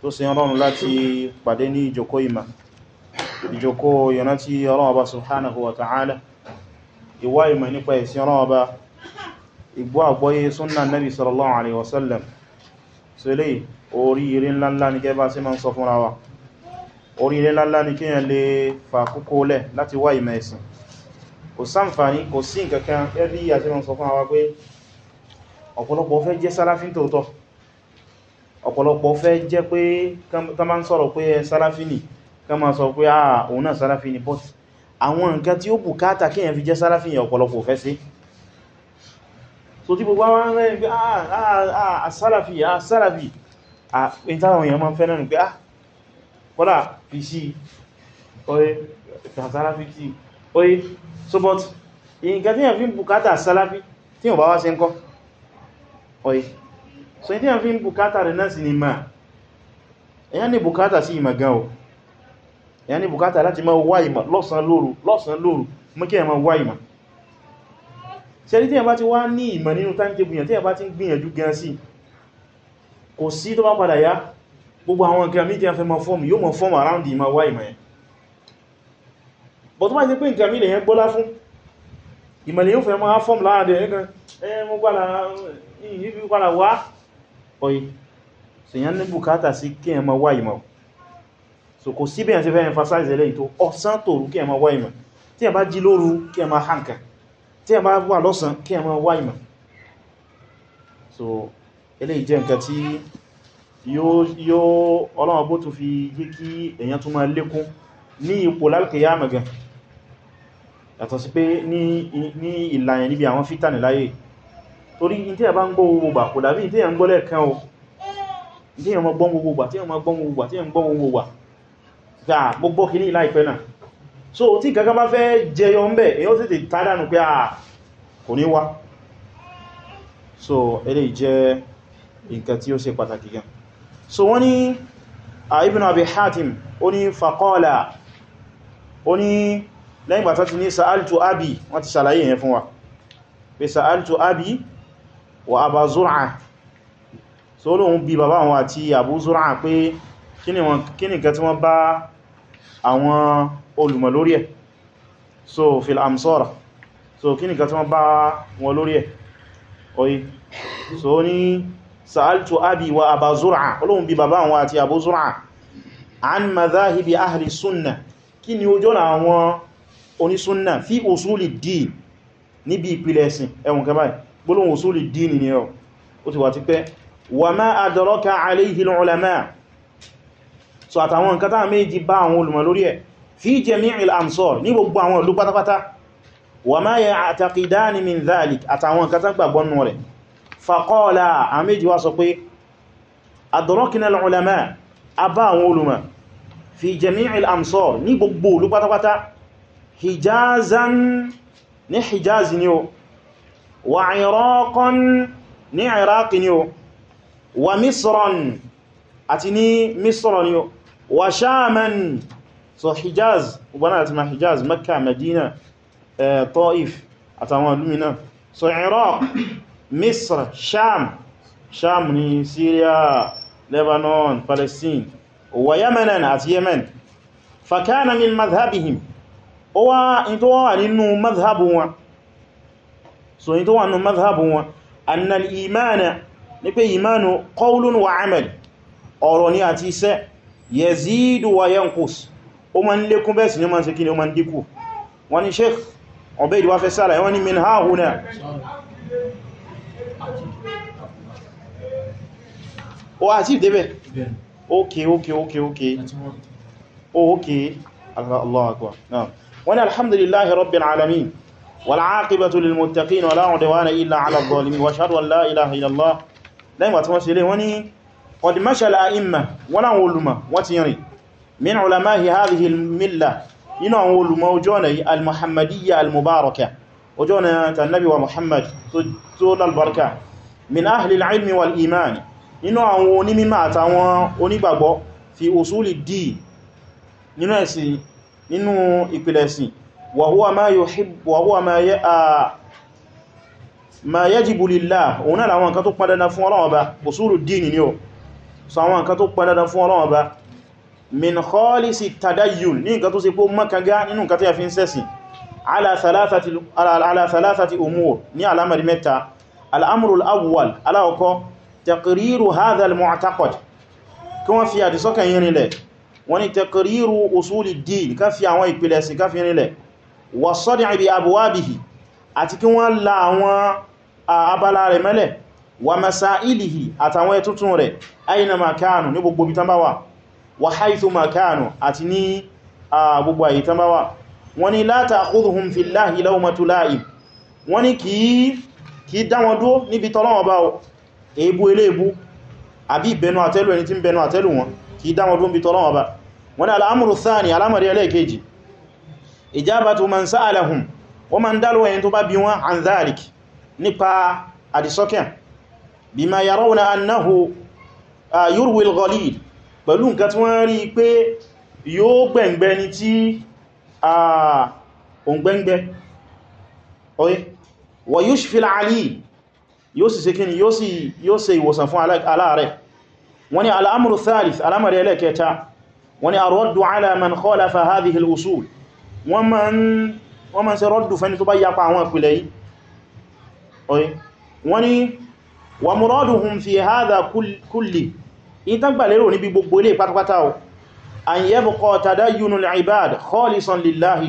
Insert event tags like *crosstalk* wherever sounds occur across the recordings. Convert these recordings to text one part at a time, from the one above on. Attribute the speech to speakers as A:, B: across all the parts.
A: tó ṣe rọrùn láti pàdé ní ìjòkó ìmà ìjòkó ìrántí ọlọ́ọba subhanahu wa ta'ala ìwá ìmọ̀ nípa ẹ̀sìn ọlọ́ọba ìgbọ́ àgbọ́yé súnnà nabi sallallahu alaihi wasallam so lè orí irin lánlá ní gẹ́bá sí ma ń sọ fúnra wa orí irin lánlá ní kíyàn lè fàkókò lẹ̀ láti wá ìmọ̀ ẹ̀sìn ọ̀pọ̀lọpọ̀ fẹ́ jẹ́ pé tán bá ń sọ̀rọ̀ pé sálàfí ni kán ma sọ pé àà ah, òun náà sálàfí ni but àwọn nǹkan tí ó bùkátà kí èyàn fi jẹ́ sálàfí yẹn ọ̀pọ̀lọpọ̀ fẹ́ sí so tí gbogbo àwọn rẹ̀ pé àà sálàfí àà sálàfí ìtàwọn èyàn máa ń fẹ́ náà pé àà ah, kọ́lá fi sí oye sálàfí sí oye so but nǹkan tí èyàn fi bùkátà sálàfí tí ò bá wá sí ń kọ́ oye so ní tí a fi ń bukata rẹ̀ náà sí ni ma èyàn ní bukata sí ìmọ̀ gan o èyàn ní bukata láti máa wá ìmọ̀ lọ́sàn lóru lọ́sàn lóru mú kí èyàn máa wá ìmọ̀ ṣe ní tí a bá ti wá ní ìmọ̀ nínú timetable yàn tí a bá ti ń gbìyànjú gan sí kò sí tó bá padà yá yóò fẹ́ mọ́ fọ́ọ̀mù láàrin ẹ̀ẹ́gan ẹ̀ẹ́ wá oye sèyàn ní bùkátà sí kí ẹ ma wá ìmọ̀ so kò síbẹ̀ ẹ̀ sí fẹ́ emphasize eléyìí tó ọ̀sán tòru kí ẹ ma wá ìmọ̀ tí ẹ bá jí lóru kí ẹ ma hànkà tí ẹ bá wà lọ́sàn kí ẹ ma wá ìmọ̀ so eléyìí jẹ́ nǹkan tí yóò Ọlọ́run bó torí tí ẹ bá ń gbọ́ gbogbo gbà kò dàbí tí ẹ ń gbọ́ lẹ́ẹ̀kan o tí ẹ mọ́ gbọ́n gbogbo gbà tí ẹ mọ́ gbọ́n gbogbo gbà tí ẹ ń gbọ́ gbogbo gbà gbà gbogbo kì ní láìpẹ́ náà so tí kankan bá fẹ́ jẹyọ ń bẹ̀ èyàn sì ti tádànù pé à kò ní wá so eléyìí jẹ́ nǹkan tí ó ṣe pàtàkì gan so wọ́n ní Ibn Abi Hatim ó ní faqala abi wọ́n ti ṣàlàyé yẹn fún wa pé abi wa Aba Zur'a so lóhun bí bàbá wọn àti Abu Zur'a pé kí ni kan tí wọ́n bá àwọn olùmọ̀ lórí ẹ̀ so fil amsara so kí ni kan tí wọ́n bá wọn lórí ẹ̀ oyi so ní sa'altu abi wa Aba Zur'a olóhun bí bàbá wọn àti Abu Zur'a an madhahibi ahli sunna kí ni ojú ọ̀nà àwọn onísúnnà fi usuli din níbi ìpìlẹ̀ ẹ̀sìn ẹ̀wọ̀n kẹbàá gbólóhùn usuli dini ni ọ ó ti wà ti pẹ́ wa ma adraka alayhi al-ulama so àtàwọn nǹkan táà méjì bá àwọn olùmọ̀ lórí ẹ̀ fi jami'il amsar ní gbogbo àwọn ìlú pátápátá wa ma ya'taqidani min dhalik àtàwọn nǹkan tán gbàgbọ́ nù rẹ̀ faqala àméjì wá ni o wà Iraqan ní Iraq ni o wà Misran àti ní Misran ni o wà Shaman so Hijaz ugbọ́nà àti ma Hijaz Mecca Medina eh, Taif àtàwọn olúmìnà so Iraq Misr Sham Sham ni Syria Lebanon Palestine wa Yemenan àti Yemen fakana min madhhabihim ó wá in tó wà nínú madhhabu wọn so yin tó wà nínú mazhabu wọn annal imana ní pé imanu qawlun wa amal ọ̀rọ̀ ni àti iṣẹ́ yazidu wa yanqus ó ma ń lékún bẹ́ẹ̀ sì ni ó ma ń ṣe kí ni ó ma ń dínkù wọ́n ni sheikh Ubayd wá fẹ́ sára wọ́n min ha o àti ìdébẹ̀ okay okay okay okay okay Allah akbar wọ́n ni alhamdulillahi rabbil alamin والعاقبة للمتقين ولا عدوان إلا على الظالمين وأشهد أن لا إله إلا الله لما تمسلي وني قد مشى الأئمة ولا علماء وتيري من علماء هذه الملة إنه علماء وجونا المحمدية المباركة وجونا النبي ومحمد طول البركة من أهل العلم والإيمان إنه ونمي ما تاوان في أصول الدين ننسي ننو إقلسي wàhúwà máa yóò hìbò wàhúwà máa yajibu lillah òun náà àwọn nǹkan tó padàdà fún Ọlọ́run Ọba usulu dini ni o so àwọn nǹkan tó padàdà fún Ọlọ́run Ọba min khalisi tadayyun ní nǹkan tó ṣe pó makaga nínú nǹkan tí a fi ń sẹ́sìn ala thalathati ala thalathati umur ní alamari mẹ́ta al'amuru al'awwal aláwọ̀kọ́ taqriru hadha al-mu'taqad kí wọ́n fi wàsọ́dì àbí àbúwábìhì àti kí wọ́n la àwọn abala rẹ̀ mẹ́lẹ̀ wà masá ìlìhì àtàwọn ẹ̀tútùn rẹ̀ aina makanu ní gbogbo bitambawa wà haithu makanu àti ní gbogbo àyítambawa wọ́n ni láta àkúrùhùn fillahi wọ́n ni alamuru thani alamari ẹlẹ́ẹ̀kejì ijabatu man sa'alahum wọ́n ma ń dálówó ẹni tó bá bi wọ́n an dhalik nípa àdìsọ́kẹ̀ bima yarawna annahu yurwi al-ghalid pẹ̀lú nǹkan tí wọ́n rí pé yóò gbẹ̀ngbẹ̀ ni tí òǹgbẹ̀ngbẹ̀ oye wa yushfil ali yóò sì sekini yóò ṣe ìwòsàn fún aláàrẹ̀ wọ́n ni al'amuru thalith alamari ẹlẹ́kẹta wọ́n ni arọ́dù ala man khalafa hadhihi al-usul wọ́n ma ń ṣe rọ́dù fẹ́ni tó bá yapa àwọn ìpìlẹ̀ yìí wọ́n ni wà muraduhum fi hadha kulli ìtàgbà lérò níbi gbogbo ilé pátápátá o an yabqa tadayyunul ibad khalisan lillahi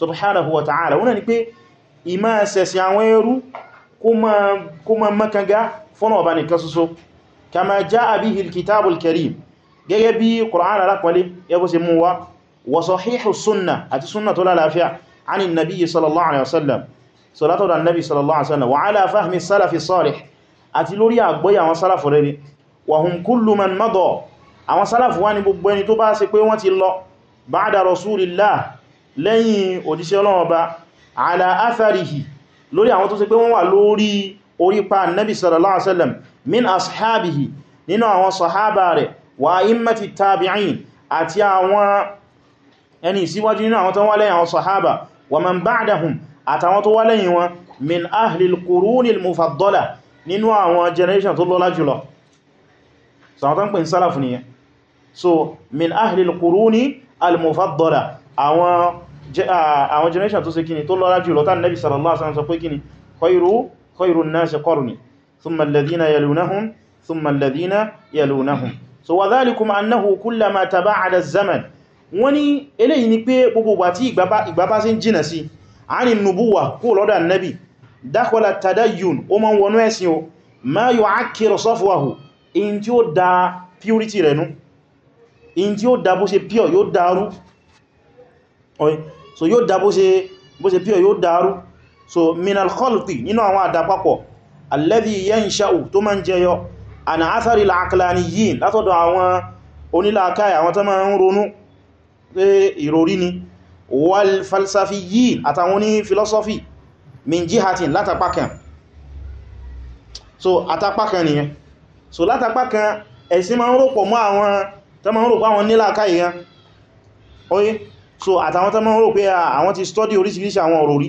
A: subhanahu wa ta'ala wọ́n ni pé ìmá sẹ̀sì àwọn ẹrú kó ma makanga fọ́nà ọba wa sahihu sunna àti sunna tó lálàáfíà ani nabi sallallahu alaihi wasallam so láti ọ̀dọ̀ nabi sallallahu alaihi wasallam wa ala fahmi salafi salih àti lórí àgbọ́yé àwọn salafu rere wa hum kullu man madha àwọn salafu wà ní gbogbo ẹni tó bá ṣe pé wọ́n ti lọ ba'da rasulillah lẹ́yìn òjíṣẹ́ Ọlọ́run ba ala atharihi lórí àwọn tó ṣe pé wọ́n wà lórí orí pa nabi sallallahu alaihi wasallam min ashabihi nínú àwọn sahaba rẹ̀ wa immati tabi'in àti àwọn ẹni síwájú nínú àwọn tó wá lẹ́yìn àwọn sahaba wa man ba'dahum àtàwọn tó wá lẹ́yìn wọn min ahlil qurunil mufaddala nínú àwọn generation tó lọ́lá jùlọ so àwọn tó ń pè ní sálàfù nìyẹn so min ahlil quruni al mufaddala àwọn àwọn generation tó ṣe kíni tó lọ́lá jùlọ tán nabi sallallahu alaihi wasallam sọ pé kíni khairu khairun nasi qarni thumma alladhina yalunahum thumma alladhina yalunahum so wa dhalikum annahu kullama taba'ada az-zaman wọ́n ní eléyìí ni pé gbogbo ìgbà tí ìgbà bá sí jìnà sí àárín nubuwa kó lọ́dà nẹ́bì dákọ́lá tadayyun ó ma ń wọnú ẹ̀sìn o ma yọ ákìrọ sọ́fọ́wàhù in tí ó da purity rẹ̀ nú in tí ó da bó ṣe pure yóò dáru so yóò da bó ṣe pure yóò dáru so minal khalti nínú àwọn àdápapọ̀ alladhi yansha'u tó ma ń jẹyọ àna athari al-aqlaniyin látọ̀dọ̀ àwọn onílàákàyà àwọn tó ma ń ronú pé ìròrí ni wal falsafiyyin àtàwọn ní philosophy min jihatin látàpákan so àtàpákan nìyẹn so látàpákan ẹ̀sìn ma ń rọ̀pọ̀ mọ́ àwọn tó ma ń rọ̀pọ̀ àwọn nílàkà ìyẹn oye so àtàwọn tó ma ń rò pé ah, àwọn ti study oríṣiríṣi àwọn òròrí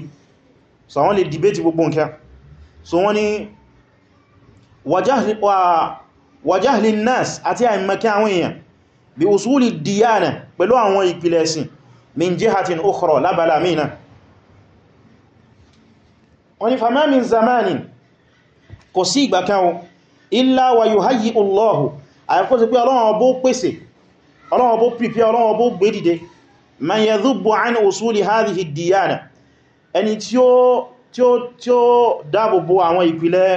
A: so àwọn lè debate gbogbo nǹkan so wọ́n ni wajahli nas àti àìmọ̀kẹ́ àwọn èèyàn bí usuli diyana pẹ̀lú àwọn ìpìlẹ̀ ẹ̀sìn min jihatin ukhra lábala mìíràn wọ́n ni fama min zamanin kò sí ìgbà kan illa wa yuhayyi Allahu àyàkó sí pé Ọlọ́run ọbó pèsè Ọlọ́run ọbó pípẹ́ Ọlọ́run ọbó gbé dìde man yadhubbu an usuli hadhihi diyana ẹni tí ó tí ó tí ó dáàbòbò àwọn ìpìlẹ̀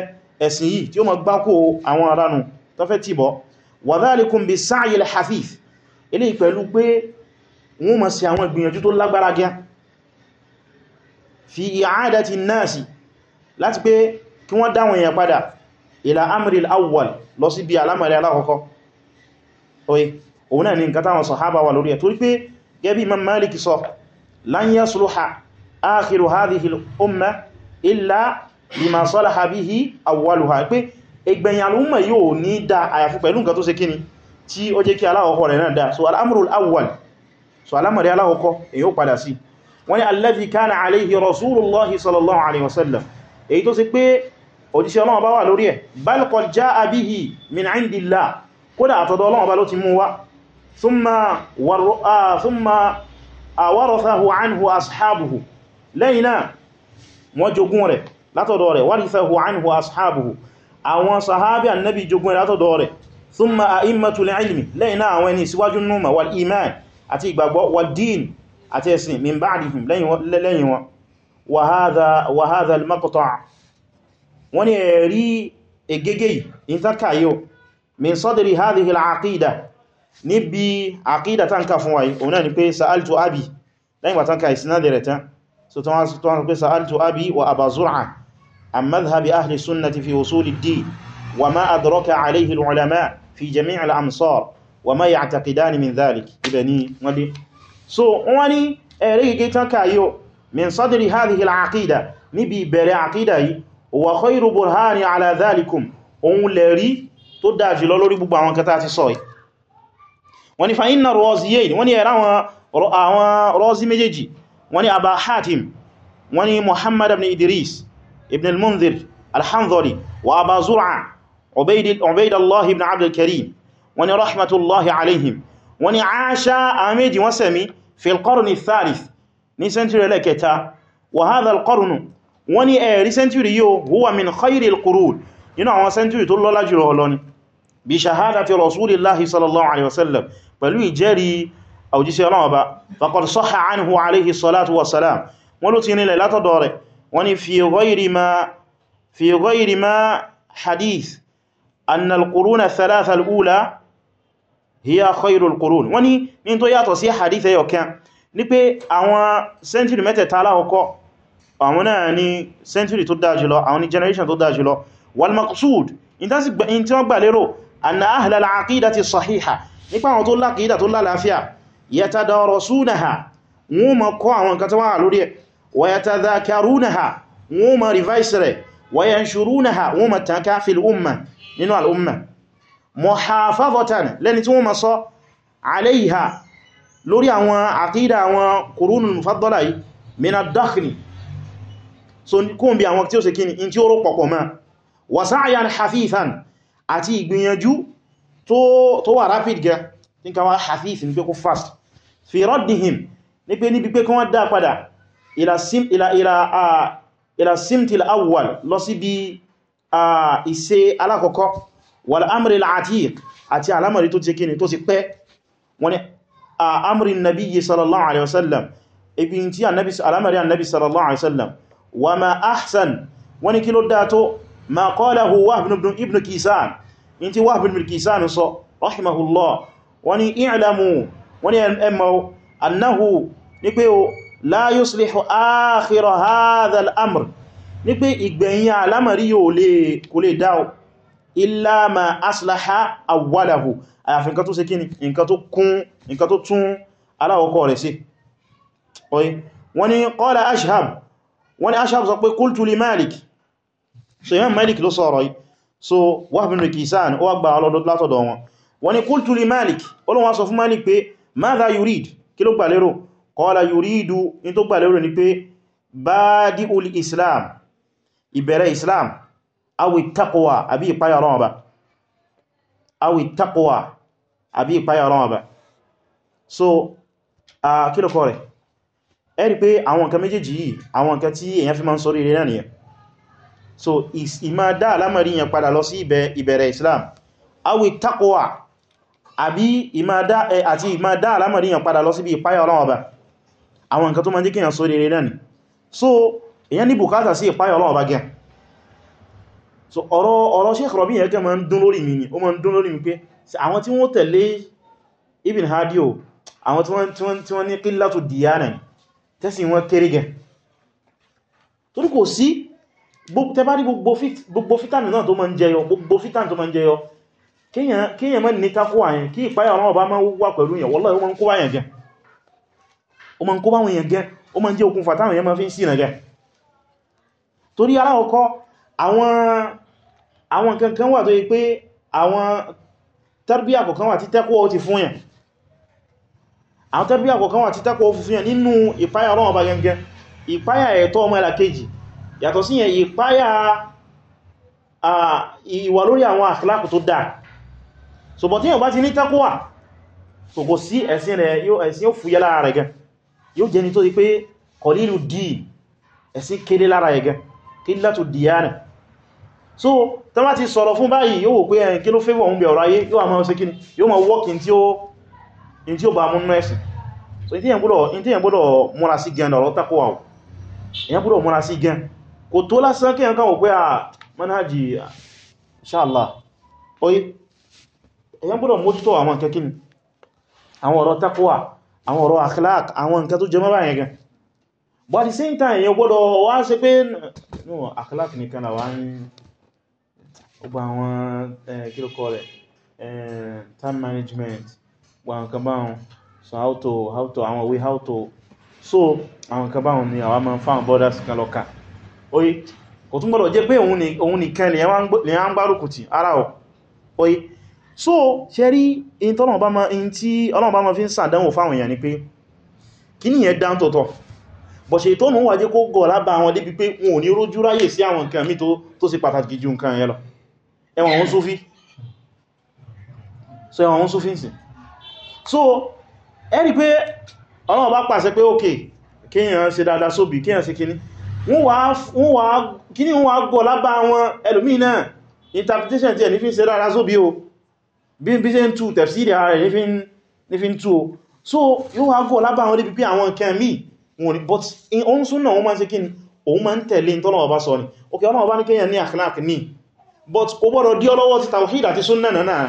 A: ẹ̀sìn yìí tí ó mọ̀ gbákò àwọn aránù tó tìbọ̀ wa dhalikum bis sa'yil hafif eléyìí pẹ̀lú pé wọ́n máa ṣe àwọn ìgbìyànjú tó lágbára gẹ́ fi i'adati nasi láti pé kí wọ́n dáwọn èèyàn padà ila amril awwal lọ sí bí alámàrí alákọ̀ọ́kọ́ oye òun náà ni nǹkan táwọn sọ̀hábà wà lórí ẹ̀ torí pé gẹ́bí Imam Malik sọ lan yasluha akhiru hadhihi al-umma illa bima salaha tí ó jẹ́ kí aláwọ̀kọ́ rẹ̀ náà dá so al'amurul awwal so alamari aláwọ̀kọ́ èyí ó padà sí wọ́n ni alladhi kana alayhi rasulullahi sallallahu alaihi wasallam èyí tó sì pé òjíṣẹ́ ọlọ́wọ́ bá wà lórí ẹ̀ bal qad jaa bihi min indillah kódà àtọ̀dọ̀ ọlọ́wọ́ bá ló ti mú wá thumma ah, ah, warathahu anhu ashabuhu lẹ́yìn náà wọ́n jogún rẹ̀ látọ̀dọ̀ rẹ̀ warithahu anhu ashabuhu àwọn sahabi annabi jogún rẹ̀ látọ̀dọ̀ rẹ̀ thumma a'immatul ilmi lẹ́yìn náà àwọn ẹni síwájú númà wal iman àti ìgbàgbọ́ wal din àti ẹ̀sìn min ba'dihim lẹ́yìn wọn wa hadha wa hadha al maqta' wọ́n ni ẹ̀rí egege in taka yóò min sadri hadhihi al aqida níbi aqida tanka fún wáyé òun náà ni pé sa'altu abi lẹ́yìn wà tanka fi jami' al-amsar wa ma ya'taqidani min dhalik ibẹ̀ ni so wọ́n ní ẹ̀rẹ́ gẹ́gẹ́ tán káyọ min sadri hadhihi al-aqida níbi ìbẹ̀rẹ̀ aqida yìí wa khayru burhani ala dhalikum ohun lẹ̀rí tó dájú lọ lórí gbogbo àwọn kẹta ti sọ yìí wọ́n fa inna ar-raziyayn wọ́n ní ẹ̀rá àwọn razi méjèèjì Aba Hatim wọ́n Muhammad ibn Idris ibn al-Mundhir al-Hanzali wa Aba Zur'a Ubaydullah ibn Abdul Karim wọ́n ní rahmatullahi alaihim wọ́n ní aṣá àmẹ́jì wọ́n sẹ̀mí fi al-qarni thalith ní sẹ́ntúrì ẹlẹ́kẹta wa hadha al-qarnu wọ́n ní ẹ̀rí sẹ́ntúrì yíò huwa min khayri al-qurun nínú àwọn sẹ́ntúrì tó lọ́lá jùlọ ọlọ́ni bí shahadati rasulillahi sallallahu alaihi wasallam pẹ̀lú ìjẹ́rìí àwòjíṣẹ́ ọlọ́wọ́ bá faqad sahha anhu alaihi salatu wasalam wọ́n ló ti nílẹ̀ látọ̀dọ̀ rẹ̀ wọ́n ní fi ghayri ma hadith أن القرون الثلاثة الأولى هي خير القرون wọ́n ní ní tó yàtọ̀ sí hadith ẹyọ kan ní pé àwọn century mẹ́tẹ̀ẹ̀ta aláhọ́kọ́ àwọn náà ni century tó dáa jùlọ àwọn ni generation tó dáa jùlọ walmaqsud in tí wọ́n gbà lérò anna ahla al-aqidati sahiha nípa àwọn tó lákìídà tó lálàáfíà yatadarasunaha wọ́n ma kọ́ àwọn nǹkan tó wà lórí ẹ̀ wa yatadhakarunaha wọ́n ma revise rẹ̀ wa yanshurunaha wọ́n ma tanka fil umma nínú al'umma muhafazatan lẹ́ni tí wọ́n ma sọ alayha lórí àwọn àkídà àwọn kùrúnù fàdọ́lá yìí mina dakhni so kún bí àwọn tí ó se kíni in tí ó rò pọ̀pọ̀ ma wasayan hafifan àti ìgbìyànjú tó wà rapid gẹ ní kawà hafif ní pé kó fast fi raddihim ní pé níbi pé kí wọ́n dá padà ila awwal lọ sí bí ìṣe alákọ̀ọ́kọ́ wal amri al-atiq àti alamari tó ti kíni tó ti pẹ́ wọ́n ni amri nabiyyi sallallahu alaihi wasallam ibi tí alamari annabi sallallahu alaihi wasallam wa ma ahsan wani kí ló dáto ma qalahu wahb ibn kisan in ti wahb ibn kisan sọ rahimahullah wani i'lamu wani ẹmọ annahu ni pé la yuslihu akhir ní pé ìgbẹ̀yìn alámàrí yóò lè kò lè dáa illa ma aslaha awwalahu àyàfi nǹkan tó ṣe kíni nǹkan tó kún nǹkan tó tún aláwọ̀kọ́ rẹ̀ sí oye wọ́n ni qala ashab wọ́n ni ashab sọ pé qultu li malik so imam malik ló sọ̀rọ̀ yìí so wahb ibn qala yuridu in tó gbà lérò ni pé badi'ul islam ìbẹ̀rẹ̀ islam awi taqwa àbí ìpáyà ọlọ́wọ́ ba awi taqwa àbí ìpáyà ọlọ́wọ́ ba so kílùkọ́ rẹ̀ ẹ̀rí pé àwọn nǹkan méjèèjì yìí àwọn nǹkan tí èyàn fi máa ń sọ rere náà nìyẹn so ìmá dá alámàrí yẹn padà lọ sí ìbẹ̀rẹ̀ islam awi taqwa àbí ìmá dá àti ìmá dá alámàrí yẹn padà lọ sí ìpáyà ọlọ́wọ́ ba àwọn nǹkan tó máa ń jẹ́ kí èyàn sọ rere náà ni so èyàn ní bùkátà sí ìpáyà ọlọ́ọ̀bá gẹn so ọ̀rọ̀ ọ̀rọ̀ Sheikh Rabi yẹn kẹ́ ma ń dún lórí mi ni o ma ń dún lórí mi pé àwọn tí wọ́n tẹ̀lé Ibn Hadi o àwọn tí wọ́n ní qillatu diyana tẹ́sí wọn kéré gẹn torí kò sí tẹbárí gbogbo fítàmì náà tó ma ń jẹyọ gbogbo fítàmì tó ma ń jẹyọ kíyàn mọ́ ní takó àyàn kí ìpáyà ọlọ́ọ̀bá ma wà pẹ̀lú yẹn wallahi ó ma ń kó báyàn gẹn ó ma ń jẹ́ okùnfà táwọn yẹn ma fi ń sí ìnàgẹ́ torí aláwọ̀kọ́ àwọn kankan wà tó yí pé àwọn tarbíyà kọ̀kan wà tí tẹ́kọ́ ó ti fún yàn àwọn tarbíyà kọ̀kan wà tí tẹ́kọ́ ó ti fún yàn nínú ìpáyà ọlọ́wọ́ bá gẹngẹn ìpáyà ẹ̀tọ́ ọmọ ẹlàkejì yàtọ̀ sí yẹn ìpáyà ìwà lórí àwọn àkìlákù tó dáa so bọ̀ tí yàn bá ti ní tẹ́kọ́wà qillatu diyana so tó bá ti sọ̀rọ̀ fún báyìí yóò wò pé ẹ̀yìn eh, kí ló fẹ́wọ̀ oúnjẹ ọ̀rọ̀ ayé yóò àmọ́ ṣe kíni yóò mọ̀ wọ́kì tí ó bá múnú ẹ̀sìn so ìtí èyàn gbọ́dọ̀ múra sí gan ọ̀rọ̀ tako wà èyàn gbọ́dọ̀ múra sí gan kò tó lásán kí ẹ̀yàn káwọ̀ pé à ah, manhaji ṣáàlá oye èyàn gbọ́dọ̀ mójútó àwọn nǹkan kíni àwọn ọ̀rọ̀ tako wà àwọn ọ̀rọ̀ akhlaq àwọn nǹkan tó jẹ mọ́ báyẹn gan but at the same time èyàn gbọ́dọ̀ wá ṣe pé no akhlaq nìkan là wá ń gbogbo àwọn kílùkọ rẹ̀ time management gbogbo àwọn kan so how to how to àwọn way how to so àwọn kan ni àwọn máa ń fáwọn borders kan lọ kà oye kò tún gbọ́dọ̀ jẹ́ pé òun nìkan ni a ń gbárùkù tì ara ọ̀ oye so ṣe rí in tí ọlọ́run bá máa fi ń sàdánwò fáwọn èèyàn ni pé kí ni yẹn dántọ̀tọ̀ bọ̀ ṣe tó nù wà jẹ́ kó gọ̀ lábá àwọn débi pé wọn ò ní rójú ráyè sí àwọn nǹkan mí tó ṣe pàtàkì ju nǹkan yẹn lọ ẹwọ̀n wọn súfí so ẹwọ̀n wọn súfí sí so ẹni pé ọlọ́wọ́ bá pàṣẹ pé ókè kíyàn ṣe dáadáa sóbì kíyàn ṣe kíní kíní wọn wá gọ̀ lábá àwọn ẹlòmíì náà interpretation tí ẹ̀ nífin ṣe o bí bí ṣe ń tú tẹ̀fsíìrì ara so yóò wá gọ̀ lábá àwọn débi pé àwọn nǹkan míì wọn rí but oun súnà wọn máa ń ṣe kí ni òun máa ń tẹ̀lé tọ́lọ̀wọ̀ bá sọ ni ok ọlọ́wọ̀ bá ní kíyàn ní akhlaq ní but kò gbọ́dọ̀ dí ọlọ́wọ́ ti tawhid àti súnà náà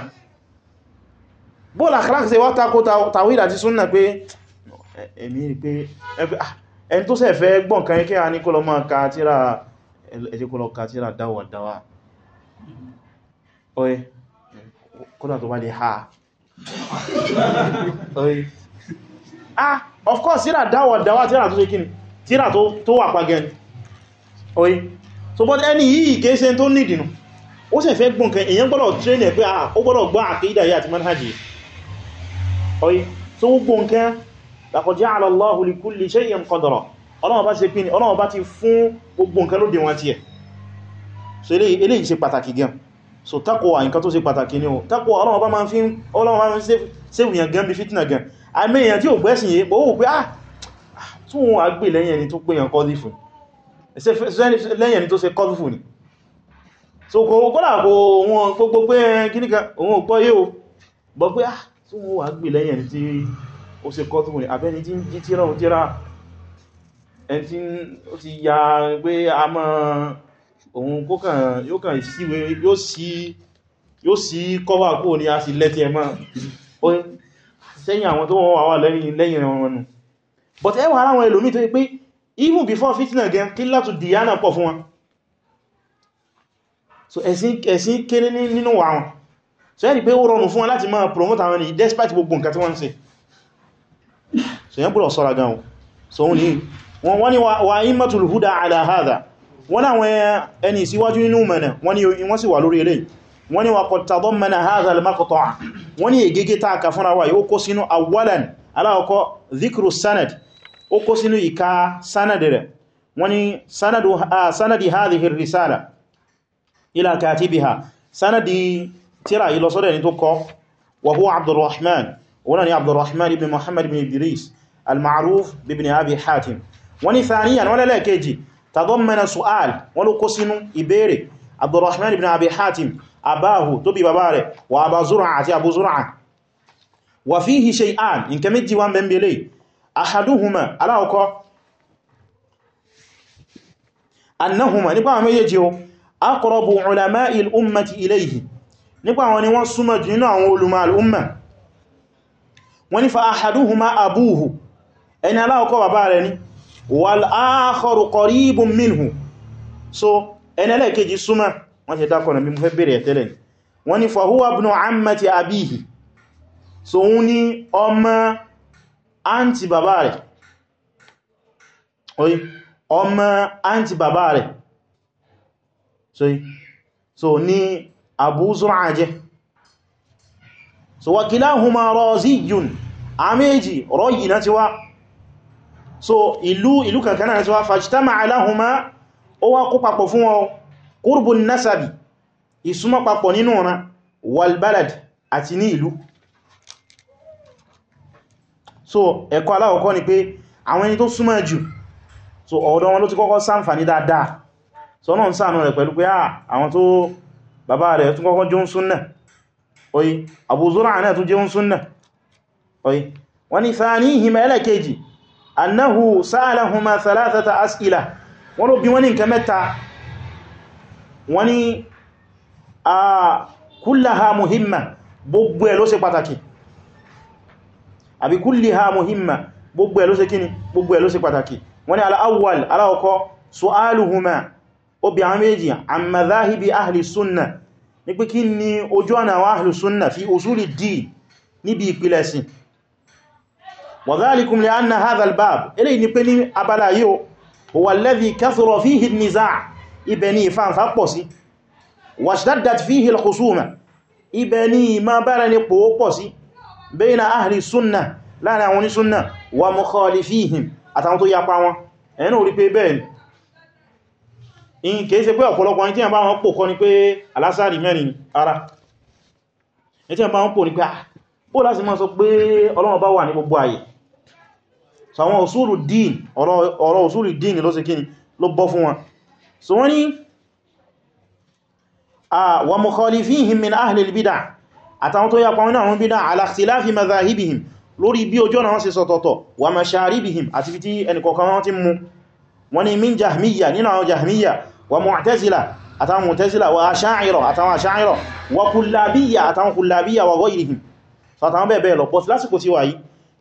A: bọ́l akhlaq ṣe wá tako tawhid àti súnà pé èmi rí pé ah, ẹni tó sẹ̀ fẹ́ gbọ́n kan kí a ní kó lọ máa ka tíra ẹjẹ́ kó lọ ka tíra dáwà dáwà oye kódà tó bá lè ha oye ah of course tíra dawa dáwà tíra tó ṣe kíni tíra to wa pàgẹ́ ni oye so but ẹni yìí kéèsẹ́ tó nìdìnà o sì fẹ́ gbọ́n kan èyàn gbọ́dọ̀ train ẹ̀ pé ah ó gbọ́dọ̀ gbọ́ àkídà yìí àti manhajì oye so gbọ́n kan laqad ja'ala Allahu li kulli shay'in qadra fún gbogbo nǹkan lóde won ti eléyìí pataki gan so takwa nǹkan tó ṣe pàtàkì ni o takwa Ọlọ́run bá ma fi Ọlọ́run bá ma se èyàn gan bí fitna gan àmì èyàn tí ò gbẹ́sìn yé bó wò pé ah tún wọn àgbè lẹ́yìn ẹni tó pé èyàn kọ́dífù lẹ́yìn ẹni tó se kọ́dífù ni so kò kọ́lá kò wọn gbogbo pé eh, kíníkà òun ò gbọ́ yé o bọ́ pé ah tún wọn àgbè lẹ́yìn ẹni tí ó ṣe kọ́dífù ni àbẹ́ni tí ń jí tíra ó tíra ẹni tí ó ti ya pé a máa òun yóò kàn síwé yóò sí kọ́wà kó ní a sì lẹ́tí ẹmọ́ sẹ́yìn àwọn tó wọ́n wà lẹ́yìn ẹ̀wọ̀n nù but ẹwà ara wọn ẹlòmí tó yí pé even before fitting again, kí látù Diana pọ̀ fún wọn so ẹ̀sìn kéré nínú wà wọn so ẹni pé ó rọrùn fún wọn láti máa promote àwọn ní despite gbogbo nǹkan tí wọ́n ń ṣe so yẹn búrọ̀ sọ́ra gan so wọ́n ni wọ́n ni wà immatul huda ala hadha wọ́n láwọn ẹni síwájú nínú mẹ́nà wọ́n sì wà lórí ilé wọ́n ni wà qad tadammana hadha al-maqta' wọ́n ni ègégé ta ka fúnra wáyé ó kó sínú awwalan aláwọ̀kọ́ dhikru sanad ó kó sínú ìka sanad rẹ̀ wọ́n ni sanadi hadhihi risala tàdọ́mẹ́nà su'al wọ́n ló kó sínú ìbéèrè abdurrahman ibn abi hatim abáhù tó bí bàbá rẹ̀ wà abá zura àti abu zura wà fihi shay'an nǹkan méjì wà mẹ́mbẹ̀lẹ̀ ahaduhuma aláwọ̀kọ́ annahuma nípa àwọn méjèèjì o aqrabu ulama'i al-ummati ilayhi nípa àwọn ni wọ́n súnmọ́ ẹni aláwọ̀kọ́ bàbá rẹ̀ ni wal akharu qaribun so ẹnẹ́lẹ̀ kejì súnmọ́ wọ́n ti dákọ̀nà bí mo fẹ́ bèèrè ẹ̀tẹ́lẹ̀ wọ́n ni fahuwa ibnu ammati abihi so wọ́n ni ọmọ àǹtì bàbá rẹ̀ oyi ọmọ àǹtì bàbá rẹ̀ so so ni abu zur'a jẹ́ so wakilahuma raziyun àméjì rọ́yìn náà ti wá so ìlú ìlú kankan náà tí wá fàjítàmà aláhùnmá ó wá kó papọ̀ fún wọn kúrùbù nasabi ìsúnmọ́ papọ̀ nínú ọ̀nà walbalad àti ní ìlú so ẹ̀kọ́ aláwọ̀kọ́ ni pé àwọn ẹni tó súnmọ́ jù so ọ̀dọ̀ wọn ló ti kọ́kọ́ ṣàǹfààní dáadáa so náà ń ṣàánú rẹ̀ pẹ̀lú pé àwọn tó bàbá rẹ̀ tún kọ́kọ́ jẹ́ ń súnnà oyi Abu Zur'a náà tún jẹ́ oyi wọ́n ni sáà ní annahu sa'alahuma thalathata as'ila wọ́n ló bí wọ́n ní nǹkan mẹ́ta wọ́n ní a kullaha muhimma gbogbo ẹ̀ ló ṣe pàtàkì àbí kullaha muhimma gbogbo ẹ̀ ló ṣe kíni gbogbo ẹ̀ ló ṣe pàtàkì wọ́n ní al'awwal aláwọ̀kọ́ su'aluhuma obi àwọn méjì an madhahibi ahli sunna ní pé kí ni ojú ọ̀nà ahli sunna fi usuli din níbi ìpìlẹ̀sìn وذلكم لأن هذا الباب إليه نبني أبلا يو هو الذي كثر فيه النزاع إبني فانفقسي واشتدت فيه الخصومة إبني ما برني قوقسي بين أهل السنة لا نعوني سنة ومخالفيهم أتعطوا يقعوا ẹnu orí pé bẹ́ẹ̀ ni in kìí ṣe pé ọ̀pọ̀lọpọ̀ ní tí a bá wọn pò kọ́ ni pé alásàrì mẹ́rin ara ní tí a bá wọn pò ní pé àà bó láti máa sọ pé Ọlọ́run bá wà ní gbogbo ààyè so àwọn òsúrù dín ọ̀rọ̀ òsúrù dín ló sì kí ni ló bọ́ fún wọn so wọ́n ni wa mukhalifihim min ahli al-bid'ah àtàwọn tó yapa nínú àwọn bid'ah ala ikhtilafi madhahibihim lórí bí ojú ọ̀nà wọn ṣe sọ̀tọ̀tọ̀ wa masharibihim àti fi tí ẹnìkọ̀ọ̀kan wọn ti mú wọn ni min jahmiya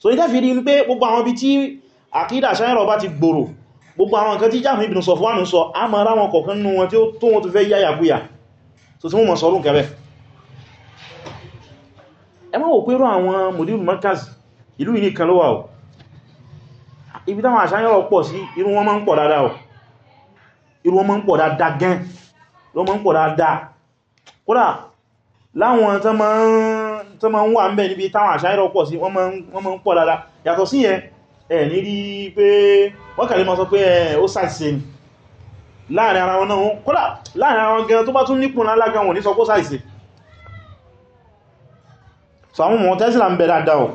A: so ìdá fi rí ní pé gbogbo àwọn bí tí àkídà ṣáyẹ̀rọ bá ti gbòrò gbogbo àwọn nǹkan tí Jahmi ibn Safwan sọ a ma ra wọn kọ̀kan nú wọn tí ó tó wọn tó fẹ́ yáyà búyà so tí wọ́n mọ̀ sọ́rún kẹfẹ́ ẹ má wò pérò àwọn mùdírù markaz ìlú yìí kan ló wà o ibi táwọn àṣáyẹ̀rọ pọ̀ sí irú wọn máa o irú wọn máa ń gan ló máa ń pọ̀ dáadáa kódà láwọn tán máa ń tó ma ń wà ń bẹ̀ níbi táwọn àṣáyẹ́rọ pọ̀ sí wọ́n ma ń pọ̀ dada yàtọ̀ sí yẹn ẹ̀ ní rí pé wọ́n kàlẹ̀ ma sọ pé ó sàìsẹ̀ ni láàrin ara wọn náà kódà láàrin ara wọn gan tó bá tún nípùn lálágan wọn ní sọ pé sàìsẹ̀ so àwọn mọ̀ ń bẹ dáadáa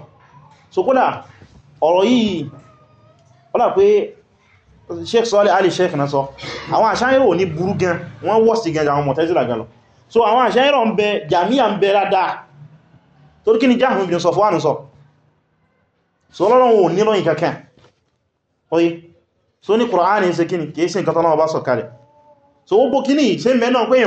A: torí kí ni Jahm ibn Safwan sọ so lọ́lọ́run ò nílò ìkẹ́kẹ́ oye so ní Kùránì ṣe kíni kìí sí nǹkan tọ́lọ́wọ́ bá sọ kalẹ̀ so ó bó kíni ṣe mẹ́nà pé ni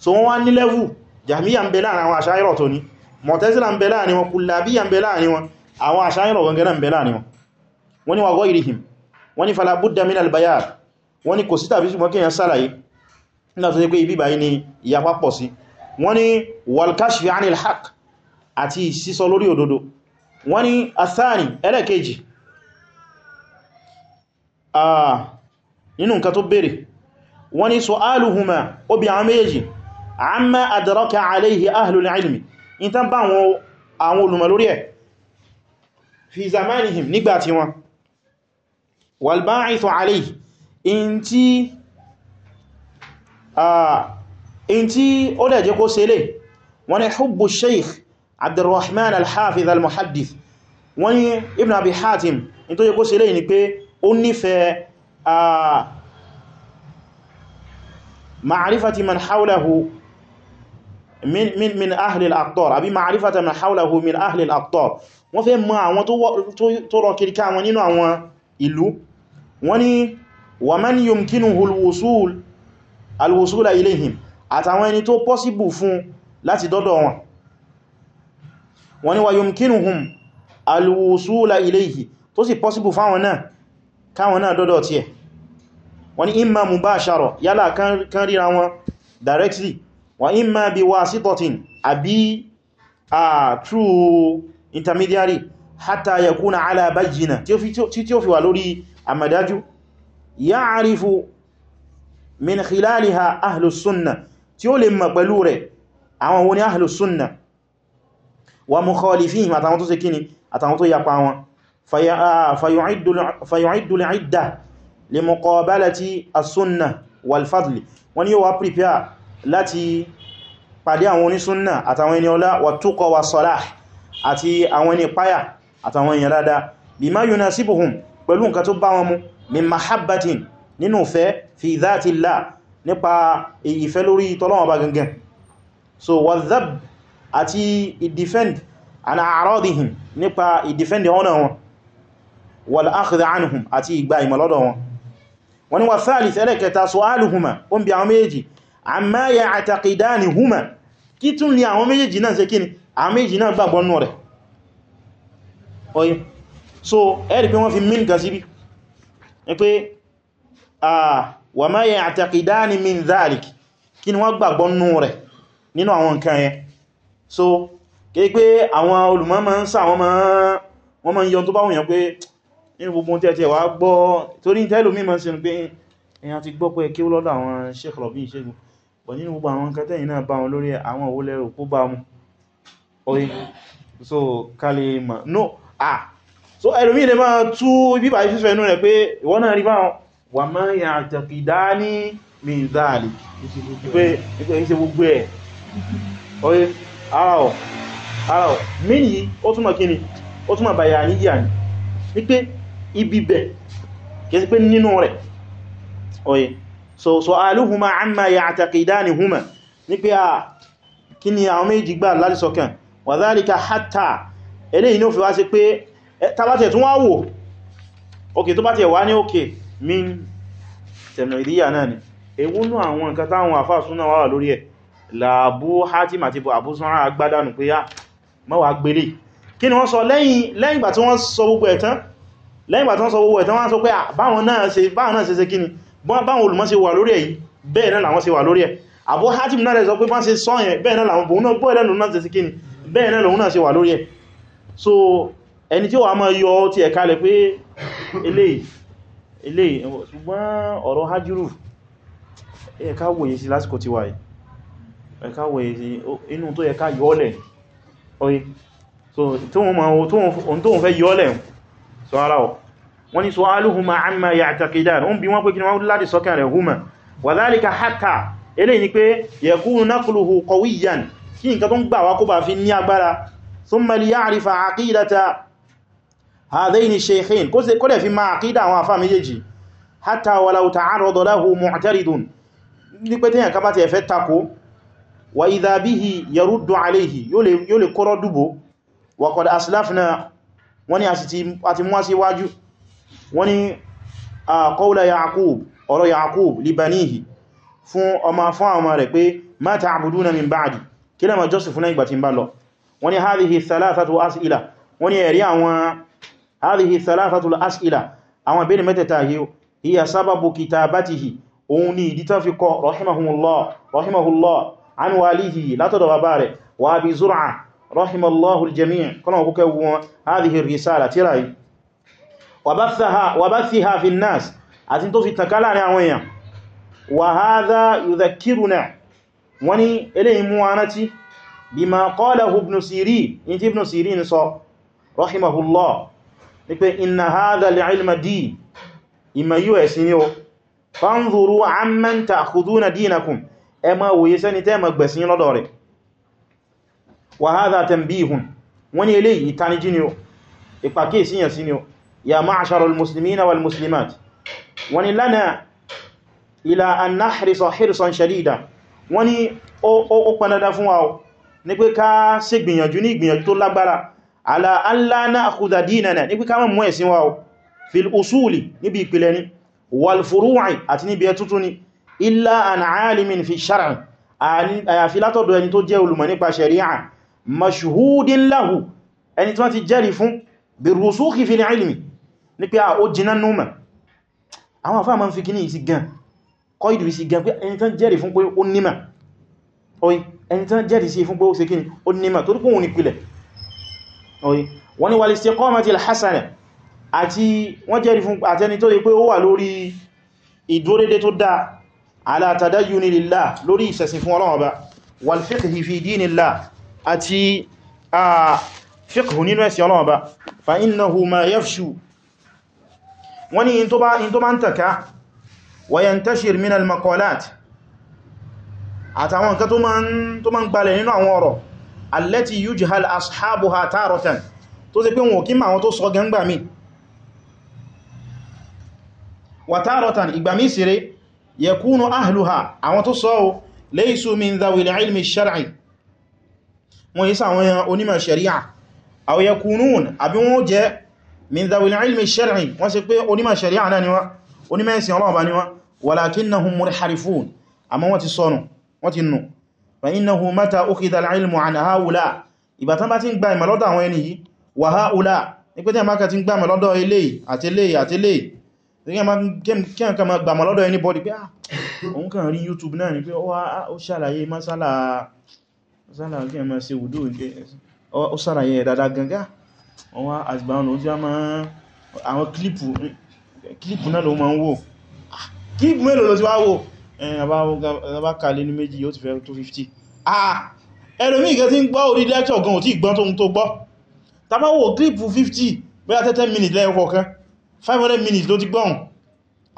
A: so wọ́n wá ní lẹ́wù Jahmiyya ń bẹ láàrin àwọn àṣáyẹ̀rọ̀ tó ní Mu'tazila ń bẹ láàrin wọn Kullabiyya ń bẹ láàrin wọn àwọn àṣáyẹ̀rọ̀ gangan ń bẹ láàrin wọn wọ́n ní wa ghayrihim wọ́n ní fala budda min wọ́n ní kò sí tàbí ṣùgbọ́n kíyàn sálàyé nígbà tó ní pé ibi báyìí ni ìyapa pọ̀ sí wọ́n ní walkashfi anil haq àti sísọ lórí òdodo wọ́n ní athani ẹlẹ́kejì nínú nǹkan tó bèèrè wọ́n ní su'aluhuma obi àwọn méjèèjì amma adraka alayhi ahlul ilmi in tán bá àwọn olùmọ̀ lórí ẹ̀ fi zamanihim nígbàtí wọn wal Ah, in tí ó dẹ̀ jẹ́ kó ṣe lè wọ́n ni hubbu sheikh abdurrahman al-hafiz al-muhaddith wọ́n ni ibn abi hatim in tó jẹ́ kó ṣe lè ni pé ó nífẹ̀ẹ́ ah, ma'arifati man hawlahu min min min ahli al-aqtar àbí ma'arifata man hawlahu min ahli al-aqtar wọ́n fẹ́ mọ̀ àwọn tó rọ kìrìká wọn nínú àwọn ìlú wọ́n ni wa man yumkinuhu al-wusul alwusula ilayhim àtàwọn ẹni tó pọ́síbù fún láti dọ́dọ̀ wọn wọ́n ní wa yumkinuhum alwusula ilayhi tó sì pọ́síbù fáwọn náà káwọn náà dọ́dọ̀ tí ẹ̀ wọ́n ní imma mubashara yálà kan ríra wọn directly wa imma bi wasitatin àbí a true intermediary hatta yakuna ala bayyina tí ó fi wà lórí àmàdájú ya'rifu min khilaliha ahlus sunna tí ó lè mọ̀ pẹ̀lú rẹ̀ àwọn wo ni ahlus sunna wa mukhalifihim àtàwọn tó ṣe kíni àtàwọn tó yapa wọn ah, fayu'iddu al-'idda li muqabalati as-sunna wal fadli wọ́n ní yóò wá prepare láti pàdé àwọn onísúnnà àtàwọn ẹni ọlá wa tuqa wa salah àti àwọn ẹni páyà àtàwọn ẹni rádá bima yunasibuhum pẹ̀lú nǹkan tó bá wọn mu min mahabbatin nínú fẹ́ fi dhati Allah nípa ìfẹ́ lórí tọ́lọ́wọ́ bá gangan so wazab àti ìdífẹ́nd àna àrọ́dìhìn nípa ìdífẹ́nd ọ̀nà wọn wal akhdh anhum àti ìgbà ìmọ̀lọ́dọ̀ wọn wani wa thalith ẹlẹ́kẹta su'aluhuma o n bi àwọn méjì amma ya'taqidanihuma kí tún ní àwọn méjèèjì náà ṣe kí ni àwọn méjèèjì náà gbàgbọ́ nù rẹ̀ oye so ẹ̀rì pé wọ́n fi mín gasi bí pé Ah, wà má ya'taqidani min dhalik kí ni wọ́n gbàgbọ́ nú rẹ̀ nínú àwọn nǹkan yẹn so kéé pé àwọn olùmọ̀ máa ń sà wọ́n máa ń yọ tó bá wùyàn pé nínú gbogbo tí ẹ ti wà gbọ́ torí tẹ́lùmí máa ń sinú pé èyàn ti gbọ́ pé kí ó lọ́dọ̀ àwọn Sheikh Rabi ìṣẹ́gun pọ̀ nínú gbogbo àwọn nǹkan tẹ́yìn náà bá wọn lórí àwọn òwúlẹ̀ òkú bá mú oye so kalima no ah so ẹlòmí ilẹ̀ máa tú bíbà ìfífẹ́ inú rẹ̀ pé ìwọ náà rí báwọn wà máa yà àtẹ̀kìdá ní mìíràlì pé ìṣe gbogbo ẹ̀ oye ara ọ̀ ara ọ̀ mìí ó túnmọ̀ kí ni ó túnmọ̀ bàyà níyà ni ní pé ibi bẹ̀ kẹsí pé nínú rẹ̀ oye so so alúhùmá àmà yà àtẹ̀kìdá ní hùmà ní pé a kí ni àwọn méjì gbà lálìsọ̀kàn min tẹ̀mìdíyà náà ni ewúnú àwọn nǹkan táwọn àfáà súnà wà lórí ẹ̀ làbú hatim àti Abu Zur'a agbádànù pé yá ah, mọ́wàá gbélé kí ni wọ́n sọ lẹ́yìn ìgbà tí wọ́n sọ gbogbo ẹ̀tán lẹ́yìn ìgbà tí wọ́n sọ gbogbo ẹ̀tán wọ́n sọ pé ah, báwọn náà ṣe ṣe kí ni báwọn olùmọ̀ ṣe wà lórí ẹ̀ bẹ́ẹ̀ náà làwọn ṣe wà lórí ẹ̀ Abu so ẹni tí ó wà máa yọ ti ẹ̀kalẹ̀ pé eléyìí ilé ṣùgbọ́n ọ̀rọ̀ hajjúrù ẹ ká wòye sí lásìkò ti wáyé ẹ ká wòye sí inú tó yẹ ká yọ́ọ̀lẹ̀ oye so tó wọ́n fẹ́ yọ́ọ̀lẹ̀ sọ ara ọ̀ wọ́n ni su'aluhuma amma ya'taqidan ó ń bí wọ́n pé kí wọ́n láti sọ́kàn rẹ̀ huma wa dhalika ni pé yakunu naqluhu qawiyyan kí hadaini shaykhayn kó se kó dẹ̀ fi máa àkídà àwọn àfá méjèèjì hatta walau ta'arrada lahu mu'taridun ní pé tẹ́yàn ká bá ti ẹ̀fẹ́ takó wa idha bihi yaruddu alayhi yóò lè kọ́rọ̀ dúbò wa qad aslafna wọ́n ni a ti mú síwájú wọ́n ni qawla Ya'qub ọ̀rọ̀ Ya'qub li banihi fún ọmọ fún ọmọ rẹ̀ pé ma ta'buduna min ba'di kí wọ́n ni ẹ̀rí àwọn hadhihi thalathatul as'ila àwọn ìbéèrè mẹ́tẹ̀ta yìí hiya sababu kitabatihi òun ni ìdí tán fi kọ rahimahullah rahimahullah an walihi látọ̀dọ̀ bàbá rẹ̀ wa abi zur'a rahimallahu al-jami' kọ́nà kúkẹ́ wọn hadhihi risala tíra yìí wa bathiha fi an-nas àti tó fi tàkálà ní àwọn èèyàn wa hadha yudhakkiruna wani eléyìn mú wa rántí bima qalahu ibn sirin in ti ibn sirin sọ rahimahullah ní pé inna hadha al-ilma din ìmọ̀ yíò ẹ̀sìn ni ó fanzuru amman ta'khuduna dinakum ẹ ma wòye sẹ́ni tẹ́ ma gbẹ̀sìn lọ́dọ̀ rẹ̀ wa hadha tanbihun wani eléyìí ìtanijí ni ó ìpàkíyèsíyàn sí ni ó ya ma'sharal muslimina wal muslimat wani lana ila an nahrisa hirsan shadida wani ó panada fún wa ní pé ká ṣe gbìyànjú ní ìgbìyànjú tó lágbára ala alla na'khudha dinana ní pé ká má mú ẹ̀sìn wa o fil usuli níbi ìpìlẹ̀ ni wal furu'i àti níbi ẹ̀tútù ni illa an alimin fi shar'i àyàfi látọ̀dọ̀ ẹni tó jẹ́ olùmọ̀ nípa sharia mashhudin lahu ẹni tí wọ́n ti jẹ́rìí fún bi rusukhi fil ilmi ní pé a ah, ó jiná númà àwọn afẹ́ ma ń fi kí ní ìsì gan kọ́ ìdù ìsì gan pé ẹni tán jẹ́rìí fún pé ó nímà wọ́n ni wà lè ṣe kọ́mà ti alhassana àti wọ́n jẹ́rì fún àtẹni tó yí pé ó wà lórí ìdúrédé tó dá ala tadayyuni lillah lórí ìṣẹ̀sìn fún Ọlọ́run Ọba wal fiqhi fi dinillah àti fiqhu nínú ẹ̀sìn Ọlọ́run Ọba fa innahu ma yafshu wọ́n ni in allati yujhal ashabuha taratan tó ṣe pé wọn kí ma wọn tó sọ gangba mi wa taratan ìgbà mi sire yakunu ahluha àwọn tó sọ laysu min dhawil ilmi shar'i wọ́n yisa àwọn onímọ̀ sharia aw yakunun àbí wọ́n jẹ́ min dhawil ilmi shar'i wọ́n ṣe pé onímọ̀ sharia náà àmọ́ wọ́n ti sọnù wọ́n ti nù فإنه متى أخذ العلم عن هؤلاء ìgbà tán bá ti ń gba ìmọ̀ lọ́dọ̀ àwọn ẹni yìí wà ha'ula ní pé tí a máa kà ti ń gba ìmọ̀ lọ́dọ̀ eléyìí àti eléyìí àti eléyìí tí a máa kí ma gba ìmọ̀ lọ́dọ̀ anybody pé ah, òun kàn rí youtube náà ni pé ó ṣàlàyé masala kí a máa ṣe wùdó ó ṣàlàyé kílìpù náà ló máa ń wò kílìpù ah, mélòó ló ti wá wò ẹ̀yìn bá kàlẹ̀ ní méjì yóò ti fẹ́ tó 50 ah ẹlòmí ìgẹ́ tí ń gbọ́ orí lecture gan tí ìgbọ́n tó ń tó gbọ́ tàbáwò clip 50 bóyá 30 minutes lẹ́ẹ̀kọ̀ọ̀kan 500 minutes ló ti gbọ́n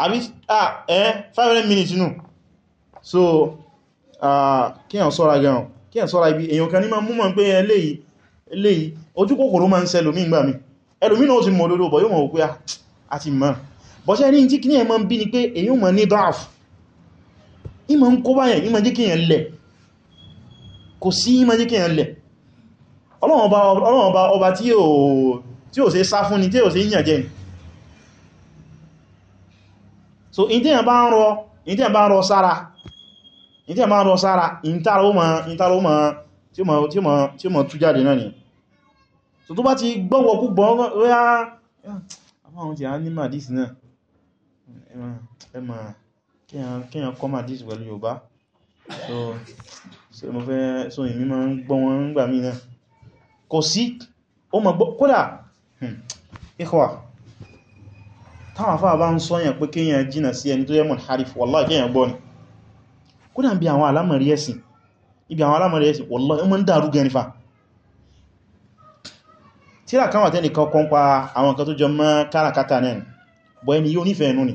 A: àbí ah ẹ́ 500 minutes nù so ah, kíyàn sọ́ra gan kíyàn sọ́ra ibi èyàn kan ní máa mú mọ́ pé eléyìí eléyìí ojú kòkòrò máa ń ṣe ẹlòmí ìgbà mi ẹlòmí náà ti mọ̀ lódó bọ̀ yóò mọ̀ pé ah, a ti mọ̀ bọ́sẹ́ ní tí kí ní ẹ̀mọ́ bí ni pé èyàn mọ̀ ní dáàfù ìmọ̀ ń kó báyẹ̀ ìmọ̀ jẹ́ kíyàn lẹ̀ kò sí ìmọ̀ jẹ́ kíyàn lẹ̀ ọlọ́wọ̀n ọba tí ó ṣe sá fún ni tí ó ṣe yíyàn jẹ́ so ìdíyàn bá ń rọ ìdíyàn bá ń rọ sára ìdíyàn bá ń rọ sára ìntàrà ó ma so tó bá ti gbọ́wọ́ kú gbọ́ àwọn ah, ohun tí a ní kíyàn kọ́ máa dìsì pẹ̀lú Yorùbá so mo fẹ́ so ìmí ma ń gbọ́ wọn nígbà mí náà kò sí ó ma gbọ́ kódà hmm, ikhwa táwọn afá bá ń sọ́yàn pé kíyàn jìnà sí ẹni tó yẹ munharif wallahi kíyàn gbọ́ ni kódà bí àwọn alámọ̀rí ẹ̀sìn ibi àwọn alámọ̀rí ẹ̀sìn wallahi ọmọ ń dàrú gẹnifà tíra káwọn àtẹ́nìkan kọ́ ń pa àwọn nǹkan tó jọ mọ́ káràkátà náà bọ́ ẹni yóò nífẹ̀ẹ́ ẹnu ni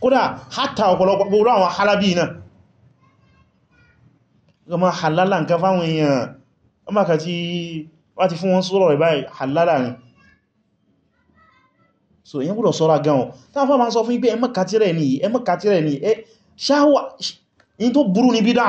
A: kódà hátà ọ̀pọ̀lọpọ̀ gbogbo àwọn halabi náà gọmọ halala nǹkan fáwọn èèyàn ọmọkà tí wá ti fún wọn sọ́rọ̀ ìbáyìí halala ni so èyàn gbọ́dọ̀ sọ́ra gan wọn táwọn fáwọn sọ fún ipé ẹmọ́ kàtírẹ̀ ni ẹmọ́ kàtírẹ̀ ni ẹ ṣáwà tó burú bídá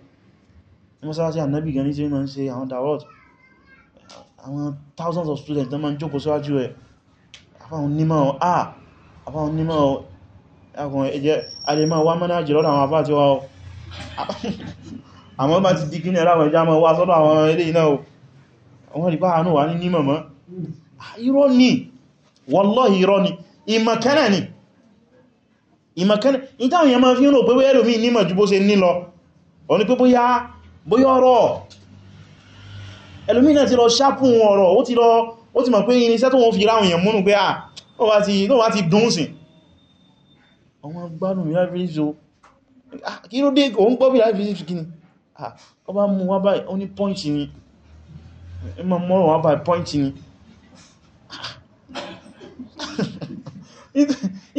A: ní mọ́sálásí ànábì gan ní tí ma ń ṣe àwọn dawot àwọn thousands of students tó ma ń jókòó síwájú ẹ̀ àfáwọn onímọ̀ ah àfáwọn onímọ̀ ẹkùn ẹjẹ́ alẹ́mọ̀ wá mọ́nà jẹ́ lọ́dọ̀ àwọn afá ti wá ọ àmọ́ bá ti di kí ní ẹ̀láwọn ẹjá mọ́ wá sọ́dọ̀ àwọn ilé iná o wọ́n rí pá àánú wà ní nímọ̀ mọ́ irọ́ ni wallahi irọ́ ni ìmọ̀kẹ́nà ni ìmọ̀kẹ́nà ìtàwọn yẹn máa fi ń rò pé bóyá ẹlòmí nímọ̀ ju bó ṣe ní lọ ọ ni pé bóyá bóyá ọ̀rọ̀ ẹlòmínà ti lọ ṣápùn ọ̀rọ̀ ó ti lọ ó ti mọ̀ pé irinṣẹ́ tó wọ́n fi ráhùn yẹn múnú pé à ó wá ti dùn sí ọmọ gbádùn ìlà fílíṣò kí ló dé òun gbọ́ ìlà fílíṣò kí ni ọ bá mú wá báyìí ó ní pọ́ǹtì ni ẹ ma mọ́rọ̀ wá báyìí pọ́ǹtì ni *laughs*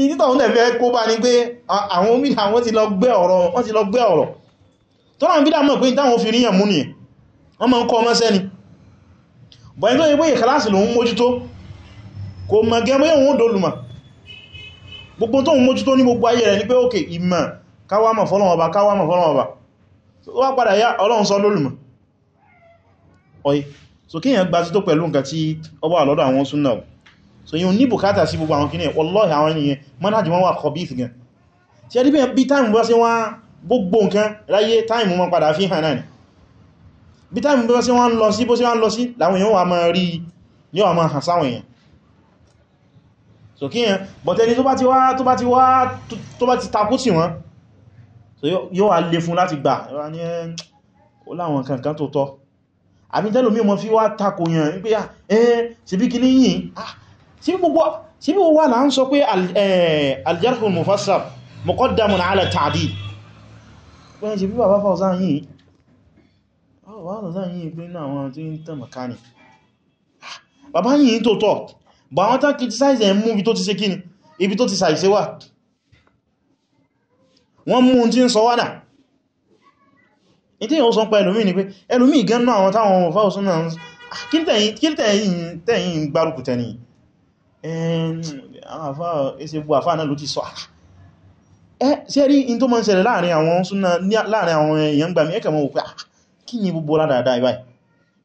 A: ìdítọ̀ òun lẹ̀ fẹ́ kó bá ní pé àwọn ti lọ gbé ọ̀rọ̀ tó láwọn bídá mọ̀ pé táwọn fi ríyàn mú nìyẹn wọ́n ma ń kọ́ ọmọ sẹ́ni bọ̀yìn tó yẹ pé ìkàláàsì lòun mójútó kò mọ̀ gẹ́mọ́ yẹ́ òun dólùmọ̀ gbogbo tó ń mójútó ní gbogbo ayé rẹ̀ ní pé ókè ìmọ̀ káwàmọ̀ fọ́lọ́wọ́ba káwàmọ̀ fọ́lọ́wọ́ba ó wá padà yá ọlọ́run sọ lólùmọ̀ ọ̀yí so kí èyàn gbájú tó pẹ̀lú nǹkan tí ó bá lọ́dọ̀ àwọn súnnà so yíò ní bùkátà sí gbogbo àwọn kìnnìyàn wallahi àwọn ènìyàn mọ́nájì wọ́n wà kọ̀bí ìsìgàn tí ẹni bí táìmù bá sí wọ́n gbogbo nǹkan láyé táìmù wọn padà fi hàn náà ni bí táìmù bí wọ́n sí wọ́n ń lọ sí bó sí wọ́n ń lọ sí láwọn èèyàn wà máa rí yíò àmà hàn sáwọn èèyàn so kí yẹn but ẹni tó bá ti wá tó bá ti wá tó bá ti takú sí wọn so yóò lè fún láti gbà eh, ó láwọn kankan pé ẹ ṣe bí bàbá Fauzan yìí bàbá Fauzan yìí pé ní àwọn tí ń tàn mọ̀ká ni bàbá yìí tó tọ́ bà wọ́n tán criticize ẹ̀ mú ibi tó ti ṣe kíni ibi tó ti ṣàìṣe wà wọ́n mú ohun tí ń sọ wádà ìtí ìwọ́n sọ pé ẹlòmí ni pé ẹlòmí gan náà àwọn táwọn ọmọ Fauzan náà ah, kí tẹ̀yìn gbárùkù tẹ̀ ni àwọn àfáà ẹsẹ̀ Eh, ṣe rí in tó mọ́ ń ṣẹlẹ̀ láàrin àwọn súnà láàrin àwọn èèyàn gbà mí ẹkẹ̀ mọ́ òpé ah, kí ni gbogbo ládàádá ìbáyìí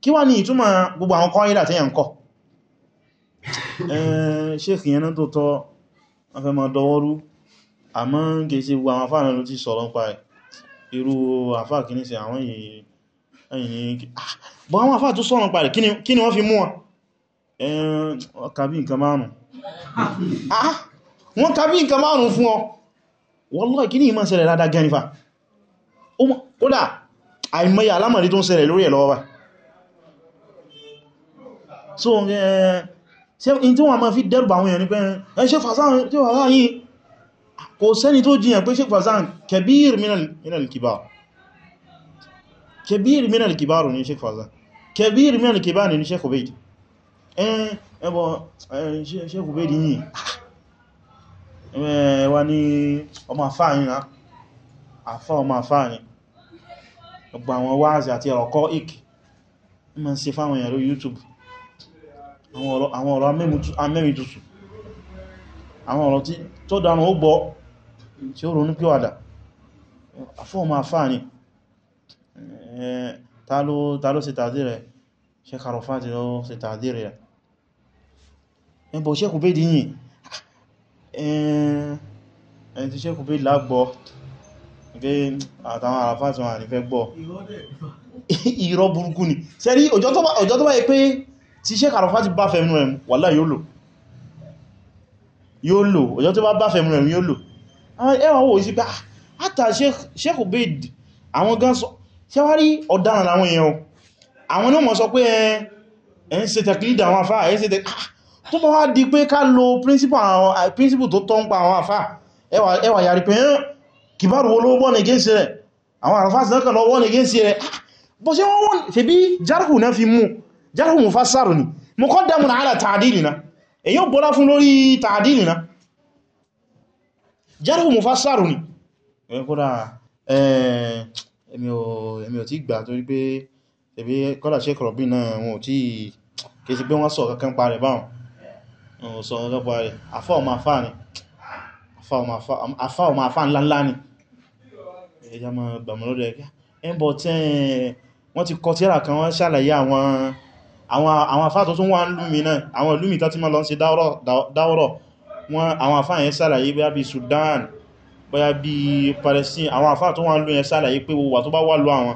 A: kí wá ní ìtumọ̀ gbogbo àwọn kọ́ ìdà tí *laughs* eh, yẹn kọ́ ṣéèkì yẹn tó tọ́ afẹ́ ma dọwọ́rú àmọ́ gẹ̀ẹ́sẹ̀ gbogbo àwọn afáàrin ló ti sọ̀rọ̀ ń pa irú àfáà kìíní sí àwọn èèyàn ah, bọ́ àwọn afáà tó sọ̀rọ̀ ń pa rẹ̀ kí ni wọ́n fi mú wọn eh, wọ́n kàbí *laughs* ah, nǹkan márùn-ún fún ọ wallahi kí ní ìmọ̀ ṣẹlẹ̀ rádá gẹnifa ó dà àìmọye alámọ̀rí tó ń ṣẹlẹ̀ lórí ẹ̀ lọ́wọ́ bá so in tí wọ́n ma fi dẹ́rù àwọn èèyàn ní pé ẹ ṣe fàzán tí wà láyìn kò sẹ́ni tó jiyàn pé ṣe fàzán kẹbíir minal kibar kẹbíir minal kibar ní ṣe fàzán Eh, wa ni ọmọ afọ náà àfá ọmọ àfáàní ọgbà àwọn wáàzì àti ọ̀kọ́ ik ma ń fáwọn YouTube àwọn ọ̀rọ̀ amẹ́rin Awọn àwọn ọ̀rọ̀ tó dánà ó gbọ́ tí ó ronú píwàdà ọmọ àfáàní eh, ta ló ṣe tàdí rẹ̀ ṣe kàrọ̀fà ti lọ ṣe tàdí rẹ̀ Eh, ẹni tí Sheikh Ubaidillah gbọ́ pé àtàwọn àràfà tí wọ́n ní fẹ́ gbọ́ irọ́ burúkú ni sẹ́rí ọjọ́ tó bá yẹ pé tí Sheikh àràfà ti bá fẹ́mú rẹ̀ wàlá yóò lò yóò lò ọjọ́ tó bá bá fẹ́mú rẹ̀ yóò lò ẹwà wò sí pé àtà ah, Sheikh Ubaidillah àwọn gan sọ ṣẹ́wárí ọ̀daràn àwọn èèyàn àwọn náà mọ̀ sọ pé eh, ẹ̀ ń ṣe tẹ̀kìlì dàwọn afá ẹ̀ ń ṣe tẹ̀kìlì tó bá wá di pé ká lo principle eh, tó tọ́ ń pa àwọn àfá ẹwà yàrí pé hàn kìbáru wo ló wọ́n ní gẹ́ẹ̀sì rẹ̀ àwọn àràfà sí lọ́kàn lọ wọ́n ní gẹ́ẹ̀sì rẹ̀ bọ́ sí wọ́n wọ́n fẹ́ bí jarhu náà fi mú jarhu mú fásárù ni mú kọ́ dámù náà tààdìlì na èyí ò bọ́lá fún lórí tààdìlì na jarhu mú fásárù ni èmi ò tí gbà torí pé ẹ̀bí kọ́lá ṣe kọ̀rọ̀bí náà wọn ò tí kèsì pé wọ́n sọ kankan parẹ̀ báwọn sọ ọlọ́pàá rẹ̀ afá ọmọ afá ni afá ni ẹja ma gbàmọ́lọ́dọ̀ ẹgbẹ́ ẹ̀bọ̀ tí wọ́n ti kọ tíra kan wọ́n ṣàlàyé àwọn afá tó tún wá ń lúmi náà àwọn lúmi tó ti mọ́ lọ sí dáwọ́rọ̀ wọn àwọn afá yẹn ṣàlàyé pé wà tó bá wà lọ àwọn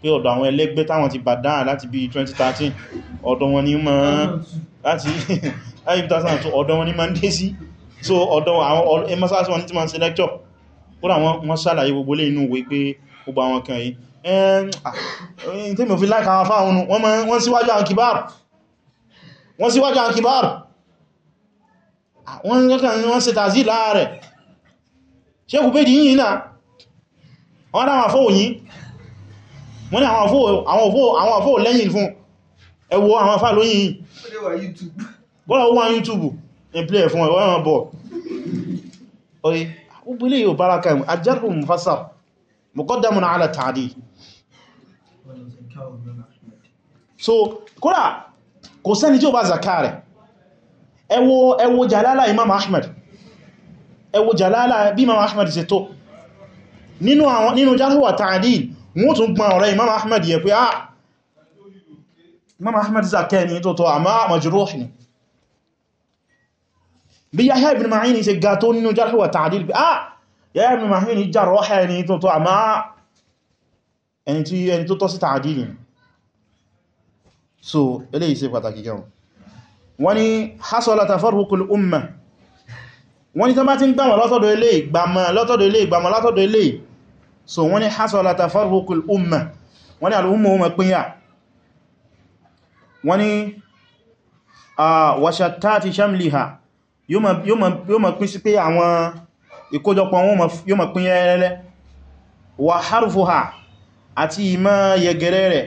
A: pé ọ̀dọ̀ àwọn ẹlẹ́gbẹ́ táwọn ti bàdán láti bí 2013 ọ̀dọ̀ wọn ni mọ́ láti ayébításán *laughs* tó oh ọ̀dọ̀ wọn ní ma ń dé sí so ọ̀dọ̀ àwọn ẹmọ́sáàsí wọn tí ma ń ṣe lẹ́kṣọ́ kúrò àwọn wọ́n sàlàyé gbogbo lè inú ìwé pé gbogbo àwọn kan yìí ẹn tí mi ò fi láìka àwọn fáwọn wọ́n síwájú àwọn kìbáàrù wọ́n síwájú àwọn kìbáàrù wọ́n kẹ́kàn wọ́n ṣe tàzí láàrẹ̀ ṣe kù pé di yìí náà wọ́n dáwọn àfóò yìí wọ́n ni àwọn àfóò lẹ́yìn fún ẹ wo àwọn afá lóyìn yìí bọ́lá ó wá YouTube ní play fún ẹ̀wọ́ ẹ̀wọ̀n bọ̀ oye ugbele yóò bára ká ẹ̀mù ajarru mufassar muqaddamun ala ta'dil so kódà kò sẹ́ni tí ó bá zaka rẹ̀ ẹ wo ẹ wo jalala imam ahmed ẹ wo jalala bí imam ahmed ṣe tó nínú imam ahmad zaka ni tó tọ́ àmá majruh ni bí yahya ibn ma'in ṣe ga tó nínú jarh wa ta'dil bí ah yahya ibn ma'in jarh ni tó tọ́ àmá ẹni tí ẹni tó tọ́ sí ta'dil ni so eléyìí ṣe pàtàkì gan wọ́n ní hasala tafarruqul umma wọ́n ní tán bá ti ń gbàmọ̀ lọ́tọ̀dọ̀ ilé ìgbàmọ̀ lọ́tọ̀dọ̀ ilé ìgbàmọ̀ lọ́tọ̀dọ̀ ilé so wọ́n ní hasala tafarruqul umma wọ́n ní al'umma wọn pínyà wọ́n ni wàṣàtàtì shamliha yóò ma pín sí pé àwọn ìkójọpọ̀ wọn yóò ma pín yẹ́rẹ́rẹ́ wà harfuha àti ìmá yẹgẹrẹ rẹ̀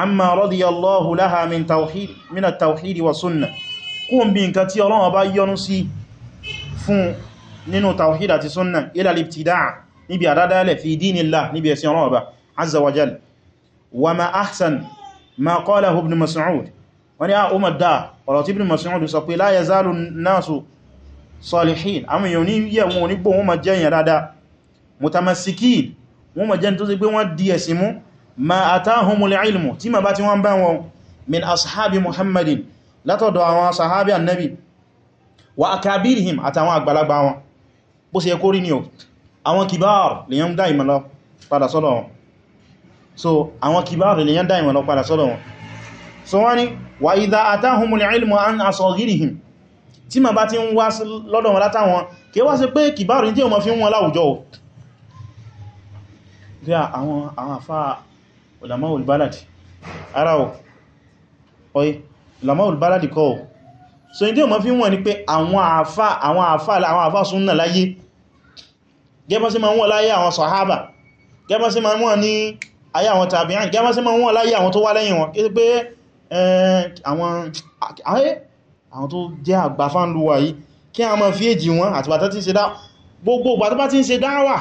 A: amma radiyallahu laha min tawhidi wa sunna kún bí nǹkan tí Ọlọ́run bá yọ́nú sí fún nínú tawhid àti sunna ila libtidaa níbi àdádálẹ̀ fi dínillah níbi ẹ̀sìn Ọlọ́run bá azza wa ma ahsan ma qalahu ibn mas'ud wani a ah, umar da ọ̀rọ̀ tí ibn mas'ud sọ pé la yazalu nasu salihin àwọn èèyàn ní yẹ̀wọ̀n onígbò wọn ma jẹ́ èèyàn dáadáa mutamassikin wọn ma jẹ́ tó sí pé wọ́n di ẹ̀sìn mú ma atahumul ilmu tí ma bá ti wọ́n bá wọn min ashabi muhammadin látọ̀dọ̀ àwọn sahabi annabi wa akabirihim àtàwọn àgbàlagbà wọn bó ṣe kórí ni o àwọn kibar lèyàn dá ìmọ̀lọ padà sọ́dọ̀ wọn so àwọn kìbáàrù lè yán dáìmọ̀ lọ padà sọ́dọ̀ wọn so wọ́n ni wà ìdá àtàhùnmù ilmu an asọ̀gírìhìn tí ma bá ti ń wá lọ́dọ̀ wọn látàwọn kí wá sí pé kìbáàrù tí wọ́n fi ń wọn láwùjọ o bí àwọn àfá ulamaul baladi ara o oye ulamaul baladi kọ́ o so ní tí wọ́n fi ń wọn ni pé àwọn àfá àwọn àfá àwọn àfá súnnà láyé gẹ́bọ́ sí ma wọ́n láyé àwọn sàhábà gẹ́bọ́ sí ma wọ́n ní ayé àwọn tàbí'ìn kí a má sí máa wọ́n láyé àwọn tó wá lẹ́yìn wọn kí pé àwọn tó jẹ́ àgbàfánlúwà yìí kí a máa fi èjì wọn àti bàtà tí ń ṣe dá gbogbo bàtà tí ń ṣe dáwà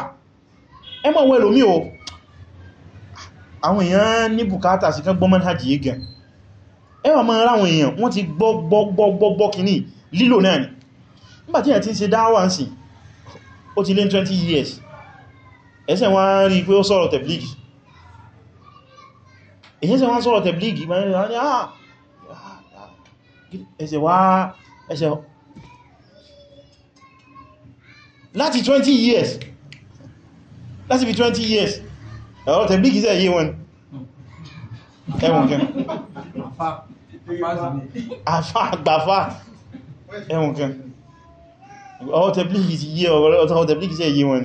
A: ẹ mọ̀ wẹ́lò mí o àwọn èèyàn ní bùkátà sí kán gbọ́mọ́n hajji yìí gan ẹ wà máa ráwọn èèyàn wọ́n ti gbọ́gbọ́gbọ́gbọ́ kìíní lílò náà ni nígbàtí ẹ̀ ti ń ṣe dáwà ń sìn ó ti lé 20 years ẹsẹ̀ wọ́n rí pé ó sọ̀rọ̀ èyí ṣe wọ́n sọ̀rọ̀ tẹ̀blígì ah, ah, ah, láti 20 years láti fi 20 years ọ̀rọ̀ tẹ̀blígì sẹ́ yí wọn ẹwọ̀n kan àfá àgbàfá ẹwọ̀n ọ̀rọ̀ tẹ̀blígì sí yí wọn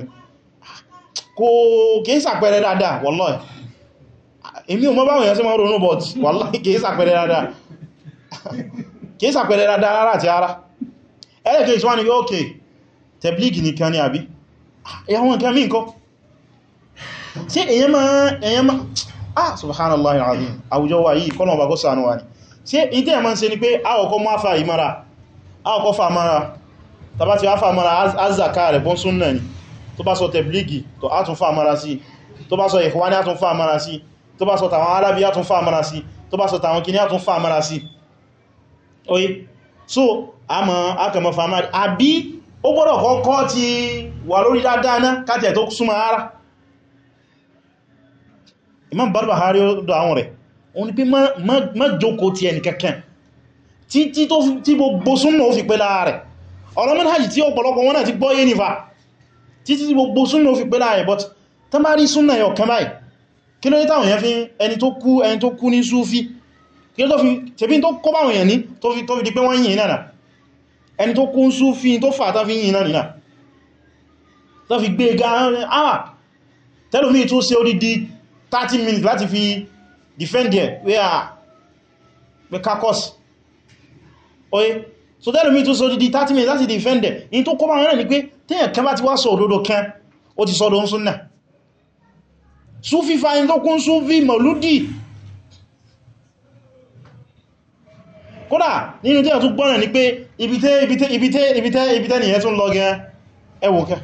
A: kò kìí sàpẹẹrẹ dáadáa wallahi èmi ò mọ̀ báwọn èèyàn sí mọ́ ronú bọ̀t wallahi kìí sàpẹrẹ dáadáa kìí sàpẹrẹ dáadáa rárá àti ara ẹlẹ́kẹ́ ìṣwá ni ókè tẹ̀blígì nìkan ni àbí ẹ̀yàwọn nǹkan mí nǹkan sí èyàn máa èyàn máa ah subhanallah alazim àwùjọ wa yìí kọ́nà ọba kó sànú wa ni sí ìdí ẹ̀mọ́ ṣe ni pé àwọ̀kọ́ mọ́ àfà ìmára àwọ̀kọ́ fà mara tàbá ti wá fà mara azaka rẹ̀ bọ́n súnnà ni tó bá sọ tẹ̀blígì tó á fà mara sí tó bá sọ ìkwáni á fà mara sí tó bá sọ̀tà àwọn alábíyà tún fà mara sí tó bá sọ̀tà àwọn kìníyà tún fà mara sí oye so a mọ̀ akẹmọ̀ fà mara àbí ó gbọ́dọ̀ kọ́kọ́ ti wà lórí dáadáa náà káàtẹ̀ tó súnmọ́ ara Imam Barbahari dọ̀ àwọn rẹ̀ òun ni pé má jókòó ti ẹni kankan títí tí gbogbo súnmọ̀ ó fi pé lára rẹ̀ ọ̀rọ̀ manhaj tí ọ̀pọ̀lọpọ̀ wọn náà ti gbọ́ yé nífà títí tí gbogbo súnmọ̀ ó fi pé lára rẹ̀ but tamari súnmọ̀ báyìí kí ló ní táwọn èèyàn fi ẹni tó kú ẹni tó kú ní súfí kí ló tó fi tẹbí tó kó báwọn èèyàn ní tó fi tó fi di pé wọ́n yìn náà ẹni tó kú ń súfí tó fà fi yìn náà nìna tó fi gbé e ga àwà tẹ́lùmí tó ṣe ó di 30 minutes láti fi defend ẹ̀ wé à pé kakos oye so tẹ́lùmí tó ṣe ó di 30 minutes láti defend ẹ̀ in tó kó báwọn èèyàn ní pé tẹ́yàn kẹ́ bá ti wá sọ òdodo kan ó ti sọ́dọ̀ ń súnnà súfí fáyín tó kún súfí mọ̀lúdì kódà nínú tí a tún gbọ́nà ní pé ibitẹ́ ibitẹ́ ibitẹ́ ibitẹ́ ibitẹ́ nìyẹn tún lọ gẹn ẹwọ kẹ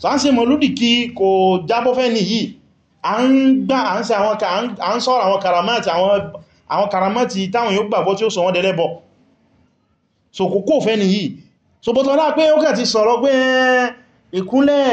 A: so a ń ṣe mọ̀lúdì kí kò jábọ́ fẹ́ ní yìí a ń gbá a ń se àwọn karamati táwọn yóò gbàgbọ́ tí ó sọ wọ́n so kò kò fẹ́ ní yìí pé ó sọ̀rọ̀ pé ìkúnlẹ̀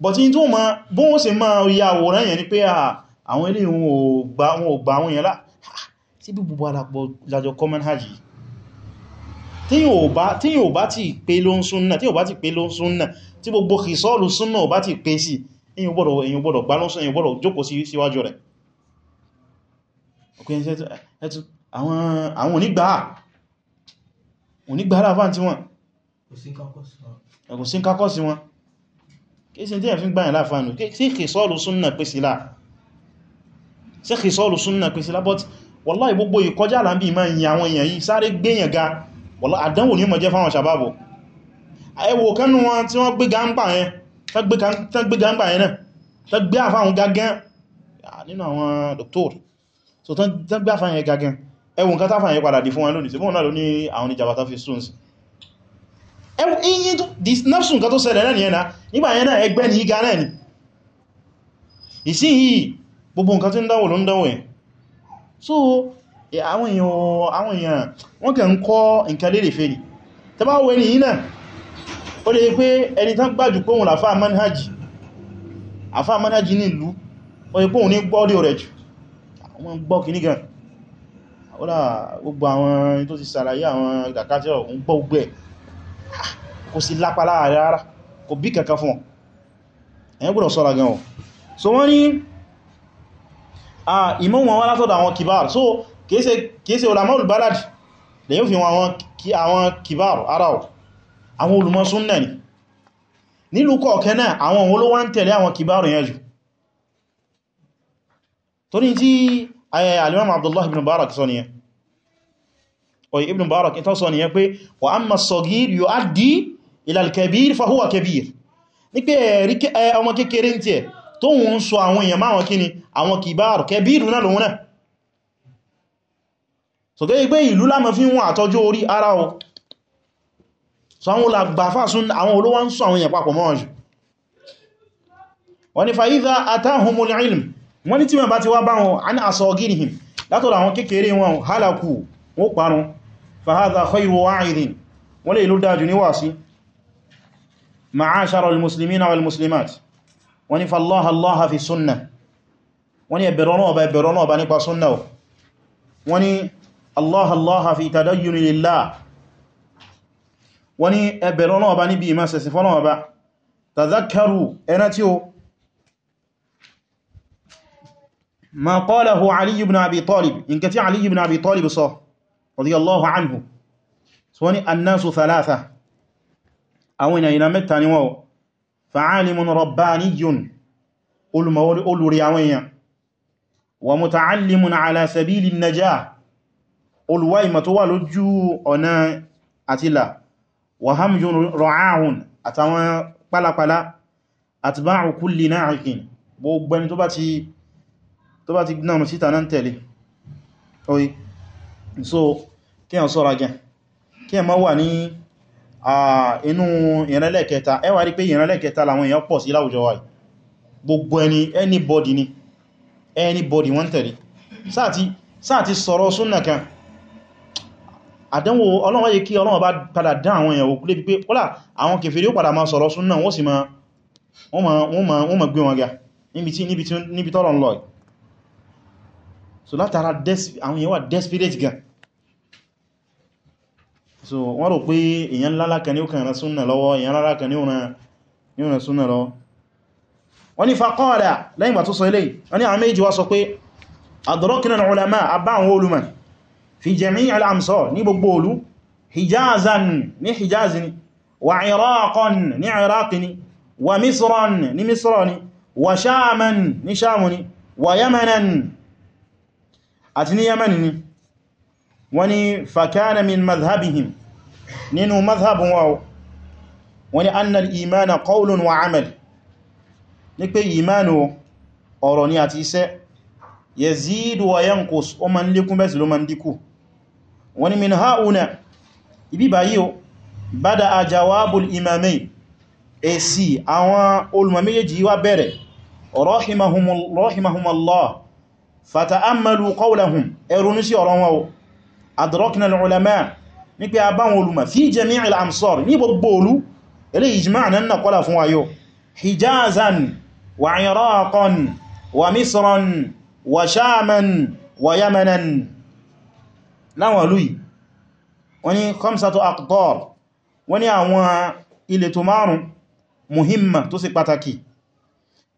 A: but in tó ma bóhun ṣe máa rí àwòrán yẹn ni pé ah, àwọn ilé ìhun ò gbà àwọn èèyàn lá tí ah, bí gbogbo alápọ̀ lájọ common hajj tí yíò bá ti pé ló ń súnnà tí yíò bá ti pé ló ń súnnà tí gbogbo kìsọ́ọ̀lù súnnà ò bá ti pé sí èyàn gbọ́dọ̀ gbá lọ́sùn èyàn gbọ́dọ̀ jókòó sí síwájú rẹ̀ àwọn onígbà onígbà aláfáà tí wọ́n kò sí kákọ́ sí wọn kéèsì tí ẹ̀fin gbáyìn láàfánù sí kìsọ́ọ̀lù súnnà pé sílá sí kìsọ́ọ̀lù súnnà pé sílá but wallahi gbogbo ìkọjá láàbí ma ń yà àwọn èèyàn yìí sáré gbéyàn ga wallahi àdánwò ní mọ̀jẹ́ fáwọn sàbábọ̀ ẹwọ kánú wọn tí wọ́n gbé gáńgbà yẹn náà tán gbé àfáhùn gágán nínú àwọn doctor so tán gbé àfáhùn yẹn gágán ẹwọ nǹkan táfáhùn yẹn padà dì fún wọn àwọn ìjàbátá nafsu nǹkan tó ṣẹlẹ̀ lẹ́ni ẹ̀nà nígbà yẹn náà ẹgbẹ́ ní iga náà ni ìsìnyìí gbogbo nǹkan tí ń dánwò ló ń dánwò ẹ̀ so àwọn èèyàn wọ́n kẹ́ ń kọ́ nǹkan lè fẹ́ ni tẹbá wẹ́ ni yínà ó lè pé ẹni tán gbájú pé òun àfáà manhaji àfáà manhaji ní ìlú ó lè pé òun ní gbọ́ rẹ̀ jù àwọn gbọ́ kìíní gan ó là gbogbo àwọn tó ti sàlàyé àwọn ìdàkájẹ́ òun gbọ́ kò sí lápàlá rárá kò bí kankan fún ẹ̀yìn gbọ́dọ̀ sọ́ra gan ọ̀ so wọ́n ní ìmọ̀ wọn wá látọ̀dọ̀ àwọn kibar so kìí ṣe ulamaul balad lèyìn fi wọn àwọn kibar ara ọ̀ àwọn olùmọ̀ súnnà ni nílùú kọ̀ọ̀kẹ́ náà àwọn òun ló wá ń tẹ̀lé àwọn kibar yẹn jù torí tí ayẹyẹ alimam abdullahi ibn barak sọ ọ̀yí ibn Mubarak in tọ́sọ nìyẹn pé wa amma as-saghir yu'addi ila al-kabir fa huwa kabir ní pé ọmọ kékeré tí ẹ tó ń sọ àwọn èèyàn máwọn kíni àwọn kìbáàrù kẹbírù náà lòun náà so gẹ́ pé ìlú lámọ́ fi wọn àtọ́jú orí ara o so àwọn olàgbàfà sún àwọn olówá ń sọ àwọn èèyàn papọ̀ mọ́ọ̀jù wọ́n ni fa idha atahumul ilm wọ́n ni tí wọ́n ti wá bá wọn an asagirihim látọ̀dọ̀ àwọn kékeré wọn halaku wọ́n parun fahadha khayru wa'idin wọ́n lè ló dájú ní wàásí ma'ashara al-muslimina wal-muslimat wọ́n ni fallaha allaha fi sunna wọ́n ni ẹ̀bẹ̀rọ náà bá ẹ̀bẹ̀rọ náà bá nípa sunna wọ́n ni allaha allaha fi tadayyuni lillah wọ́n ni ẹ̀bẹ̀rọ náà bá níbi ìmá sẹ̀sì fọ́nà ọba tadhakkaru ẹna radiyallahu anhu so wani annasu thalatha àwọn ènìyàn ìlà mẹ́ta ni wọ́n fa'alimun rabbaniyun olùrí àwọn èèyàn wa muta'allimun ala sabili najah olùwá ìmọ̀ tó wà lójú ọ̀nà àtìlà wa hamjun ra'ahun àtàwọn pálapàla atba'u kulli na'iqin gbogbo ẹni tó bá ti náà síta náà tẹ̀lé oye so kí ẹ̀ sọ́ra gẹn kí ẹ̀ má wà ní inú ìrẹ́lẹ̀kẹta ẹ wá rí pé ìrẹ́lẹ̀kẹta làwọn èèyàn pọ̀ sí láwùjọ wa gbogbo ẹni anybody ni anybody wọ́n tẹ̀lé sáà ti sọ̀rọ̀ súnnà kan àdánwò ọlọ́wọ́ yìí kí ọlọ́wọ́ bá padà dán àwọn èèyàn òkúlé pípé ọlá àwọn kèfèrí ó padà máa sọ̀rọ̀ súnnà wọ́n sì máa wọ́n máa gbé wọn ga níbi tọ́lọ̀ ń lọ so látara àwọn èèyàn wà desperate gan so wọ́n rò pé èyàn lálákan ní òkànrán súnnà lọ́wọ́ èyàn lálákan ní òrán súnnà lọ́wọ́ wọ́n ni faqala lẹ́yìn bá tó sọ ilé wọ́n ni àwọn méjì wá sọ pé adrakna al-ulama abá àwọn olùmọ̀ fi jami' al fakana min madhhabihim nínú mazhab wọn o wọ́n ní annal imana qawlun wa amal ní pé imanu ọ̀rọ̀ ni àti iṣẹ́ yazidu wa yanqus ó ma ń lékún bẹ́ẹ̀ sì ló ma ń dínkù wọ́n ní min ha'una ibi báyí bada a jawabul imamain èsì àwọn olùmọ̀ méjèèjì wá bẹ̀rẹ̀ rahimahumallah fata'ammalu qawlahum ẹrùnú sí ọ̀rọ̀ o adrakna al-ulama ní pé a báwọn olùmọ̀ fi jami'il amsar ní gbogbo olú ilé ijma' nan naqala fún wayo hijazan wa iraqan wa misran wa shaman wa yamanan láwọn olú yìí wọ́n ní khamsatu aqtar wọ́n ní àwọn ilé tó márùn muhimma tó sì pàtàkì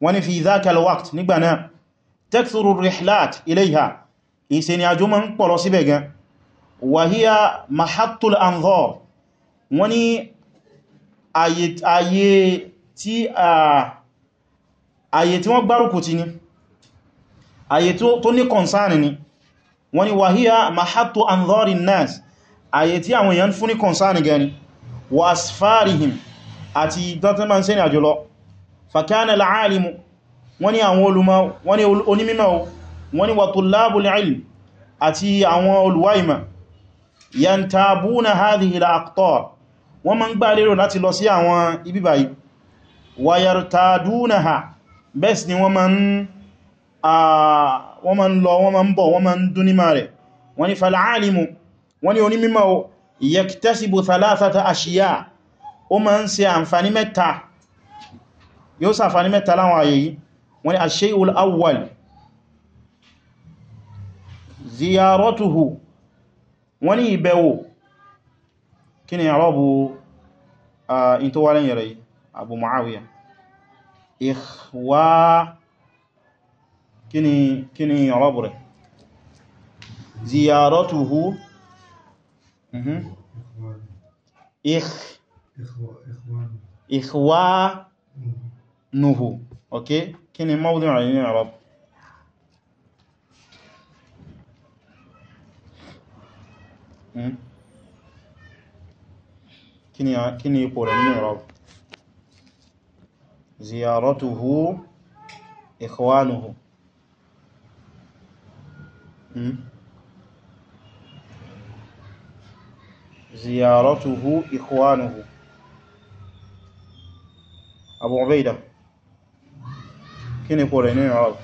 A: wọ́n ní fi dhaka nígbà náà takthuru rihlat ilayha ìsẹni àjò ń pọ̀lọ síbẹ̀ gan wàhíyà mahatul anzor wọ́n ní ayé tí ayé tí wọ́n gbárùkù ti ní ayé tó ní kọ̀nsáàni ni wọ́n ní wàhíyà mahatul anzor nas ayé tí àwọn èèyàn fún ní kọ̀nsáàni gani wa asfarihim àti dantaman sẹ́ni àjọlọ fakana al'alimu wọ́n ní àwọn olùmọ̀ wọ́n ní onímímọ̀ wọ́n ní wa ilm àti àwọn olùwáìmọ̀ yantabuna hadhihi al-aqtar wọ́n ma ń gbà lérò láti lọ sí àwọn ibi báyìí wayartadunaha bẹ́ẹ̀sì ni wọ́n ma ń lọ wọ́n ma ń bọ̀ wọ́n ma ń dúnímà rẹ̀ wọ́n ni fal'alimu wọ́n ni onímímọ̀ yaktasibu thalathata ashiya ó ma ń ṣe àǹfàní mẹ́ta yóò sàǹfàní mẹ́ta láwọn ayé yìí wọ́n ni awwal ziyaratuhu wọ́n ní ìbẹ̀wò kí ni àrọ́bù in tó wá lẹ́yìn rẹ̀ Abu Muawiya ìwá kí ni àrọ́bù rẹ̀ ziyaratuhu ìkwánuhu mhm. ok kí ni mawdin rẹ̀ ní àrọ́bù Hmm? kí ni ipò rẹ̀ nínú ìrọ̀ ziyaratuhu ikhwanuhu hmm? ziyaratuhu ikhwanuhu abu ubaida kí ni ipò rẹ̀ nínú ìrọ̀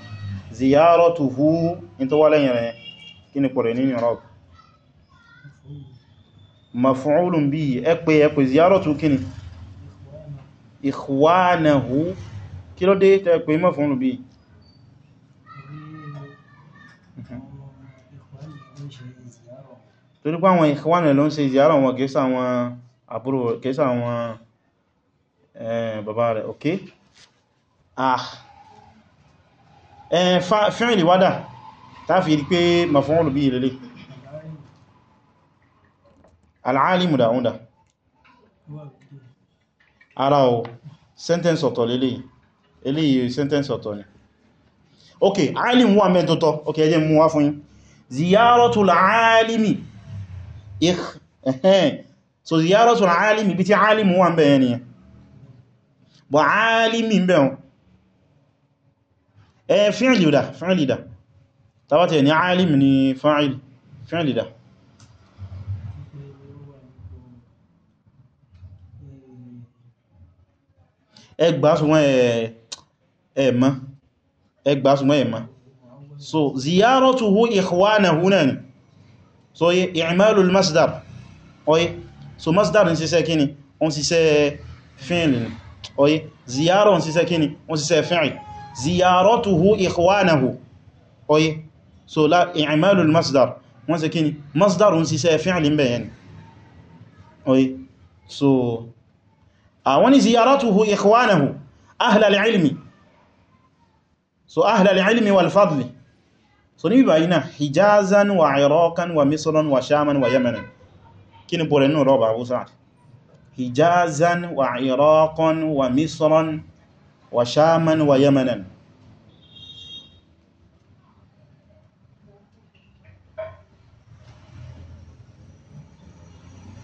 A: ziyaratuhu in tó wà lẹ́yìn rẹ̀ kí ni ipò rẹ̀ nínú ìrọ̀ maf'ulun bihi ẹ pé ẹ pé ziyaratu kíni ikhwanahu kí ló dé tẹ́ pé maf'ulun bihi torí pé àwọn ikhwana ló ń ṣe ziyara wọn kẹsà àwọn àbúrò kẹsà àwọn bàbá rẹ̀ ok ah fi'li wádà táàfi pé maf'ulun bihi lélẹ̀ al'alimu da ọ̀dá ara o sentence ọ̀tọ̀ lélẹ̀ eléyìí sentence ọ̀tọ̀ ni ok alim wà mẹ́ tọ́tọ́ ok ẹjẹ́ mú wá fún yín ziyaratul alimi ikh so ziyaratul alimi bí tí alimu wà mẹ́ yẹn nìyẹn bọ̀ alimi mẹ́ wọn ẹ fi'li da fi'li da tàbátẹ̀ ni alim ni fa'il da ẹ gbà ṣùgbọ́n ẹ mọ̀ ẹ gbà ṣùgbọ́n ẹ mọ̀ so ziyaratuhu ikhwanahu náà so yí i'malul masdar ọyí so masdar ń ṣiṣẹ́ kíni ó ń ṣiṣẹ́ fi'l ni ọyí ziyara ń ṣiṣẹ́ kíni ó ń ṣiṣẹ́ fi'l ziyaratuhu ikhwanahu ọyí so la i'malul masdar wọ́n ṣe kíni masdar ń ṣiṣẹ́ fi'l ń bẹ̀yẹn so àwọn ni ziyaratuhu ikhwanahu ahlal ilmi so ahlal ilmi wal fadli so ní bíbáyí náà hijazan wa iraqan wa misran wa shaman wa yamanan kí ni bọ̀rẹ̀ nínú rọ́bà abu sa'ad hijazan wa iraqan wa misran wa shaman wa yamanan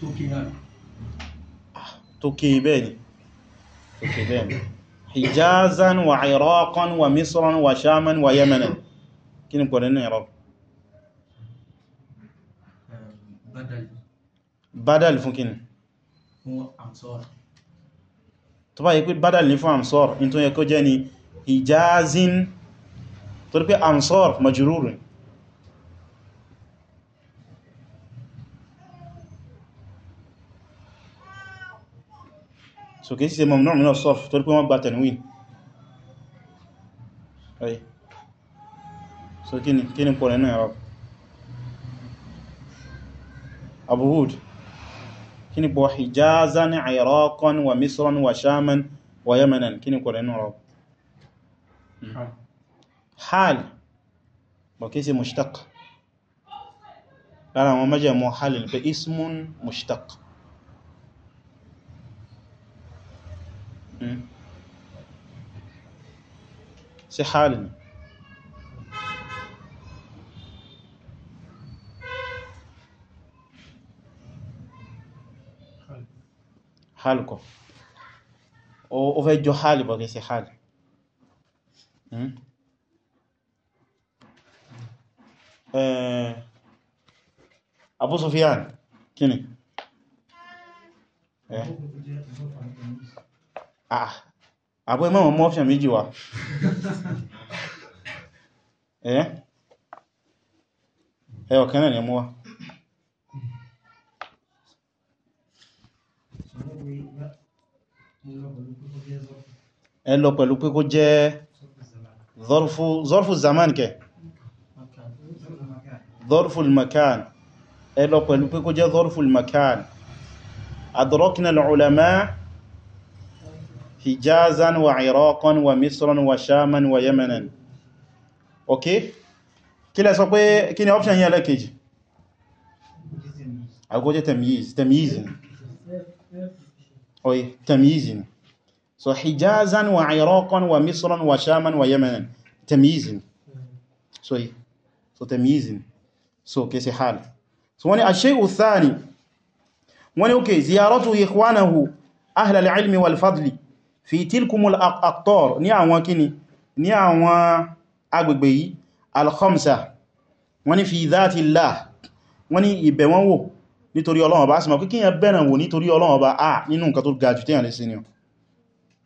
A: Turkey now. tó kéè bẹ́ẹ̀ ni tó kéè bẹ́ẹ̀ ni hijazan wa iraqan wa misran wa shaman wa yemenan kí ni pọ̀lẹ̀ ní iraq badal fún kí ni tó bá yí pé badal ní fún amsor in tó yẹ kó jẹ́ ni hijazin tó rí pé amsor majururun so kìí ṣe mamnu min as-sarf torí pé wọ́n gba tanwin ọ̀yí so kíni kíni pọ̀ nínú ẹ̀rọ Abu Hud kíni pọ̀ Hijazan Iraqan wa Misran wa Shaman wa Yamanan kíni pọ̀ nínú ẹ̀rọ hmm. hal bọ̀ kìí ṣe mushtaq lára àwọn mẹ́jẹ̀ mọ́ halil pé ismun mushtaq sí hmm. hálì ni hálì kọ ó fẹ́ jọ hálì bọ̀gẹ̀ sí hálì hmm. eh, Abu Sufyan kíni? Eh. Ah, àbọ̀ ẹmọ́ mọ́ option méjì wá ẹ́ ọ̀kan náà ni mú wá ẹ lọ pẹ̀lú pé kó jẹ́ zọ́rfù zaman kẹ zọ́rfù makan ẹ lọ pẹ̀lú pé kó jẹ́ zọ́rfù makan adọ́rọ́kínà ulama hijazan wa iraqan wa misran wa shaman wa yemenan ok kí lẹ sọ pé kí ni option yẹn lẹ́kejì agogo tamyiz tamyiz oye tamyiz so hijazan wa iraqan wa misran wa shaman wa yemenan tamyiz so yi so tamyiz so kesi hal so wani ashe'u thani wani oke ziyaratu ikhwanahu ahlal ilmi wal fadli fi tilkumul aqtar ní àwọn kíni ní àwọn agbègbè yìí al-khamsa wọ́n ní fi dhatillah wọ́n ní ibẹ̀ wọ́n wò nítorí Ọlọ́run Ọba asìmọ̀ kíkíyàn bẹ̀rẹ̀ wò nítorí Ọlọ́run Ọba a nínú nǹkan tó gajù tẹ́yàn lè ṣe ni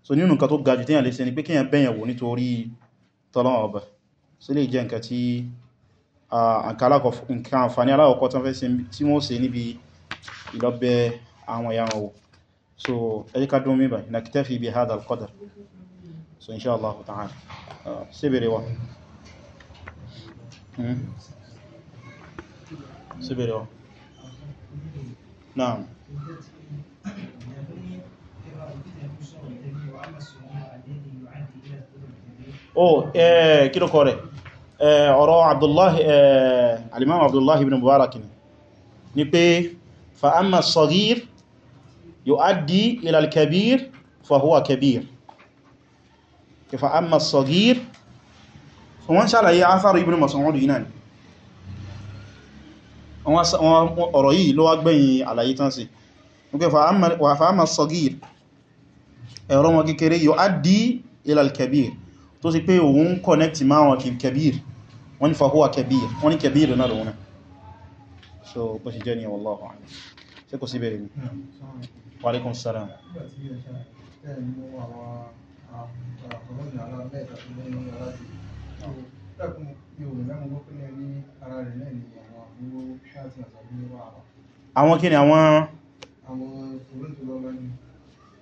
A: so nínú nǹkan tó gajù tẹ́yàn lè ṣe ni pé kíyàn bẹ̀yàn wò nítorí tọ́lọ́run Ọba so lè so ẹjẹ́ ká ba mẹ́bàá naktafi bi hada al-qadar so insha Allah ta'ala síbèrè wa síbèrè wa naam oh kí kilo kore rẹ̀ ọ̀rọ̀ abdullahi alimam abdullahi ibn mubarak ni pé fa'amma saghir يؤدي إلى الكبير فهو كبير فأما الصغير wọ́n ṣàlàyé afárí ibn Mas'ud iná ni wọ́n ọ̀rọ̀ yìí ló wá gbẹ̀yìn àlàyé tán sí wípé fa'amma as-saghir ẹ̀rọ wọn kékeré yu'addi ila al-kabir tó sì pé òun connect ma wọn kí kabir wọ́n ni fa huwa kabir wọ́n ni kabir náà lọ́wọ́n so bó ṣe jẹ́ ni wallahu a'lam Wa alaikum salam àwọn kí ni àwọn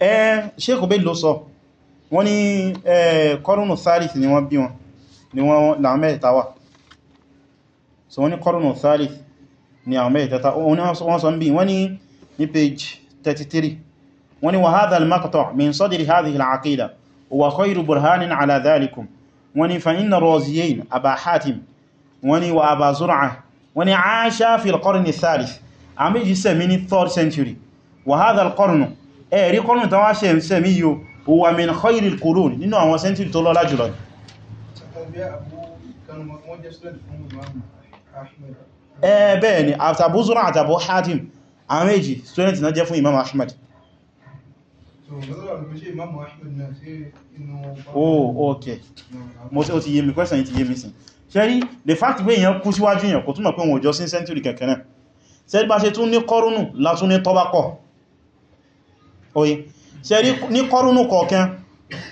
A: ẹ́ ṣékò bẹ́ ló sọ wọ́n ní kọrùnù thalith ni wọ́n bí wọn ni wọ́n láwọn mẹ́ta wà so wọ́n ní kọrùnù thalith ni àwọn mẹ́ta wọ́n sọ ń bí wọ́n ni ní page 33 وني وهذا المقطع من صدر هذه العقيدة هو خير برهان على ذلكم وني فإن الرازيين أبا حاتم وني وأبا زرعة وني عاش في القرن الثالث عمي جسا من الثور سنتوري وهذا القرن اي ري قرن تواشي سميو هو من خير القرون نينو awon century tó lọ́lá jùlọ eh bẹ́ẹ̀ ni after àwọn méjì student náà jẹ́ fún imam ahmad oh okay mo tí ó ti yé mi question yìí ti yé mi sí ṣẹ́rí the fact pé èyàn kú síwájú èyàn kò túnmọ̀ pé wọ́n jọ sí century kẹ̀kẹ́ náà ṣẹ́rí bá ṣe tún ní kọrúnù látún ní tọ́bákọ̀ oye ṣẹ́rí ní kọrúnù kọ̀ọ̀kan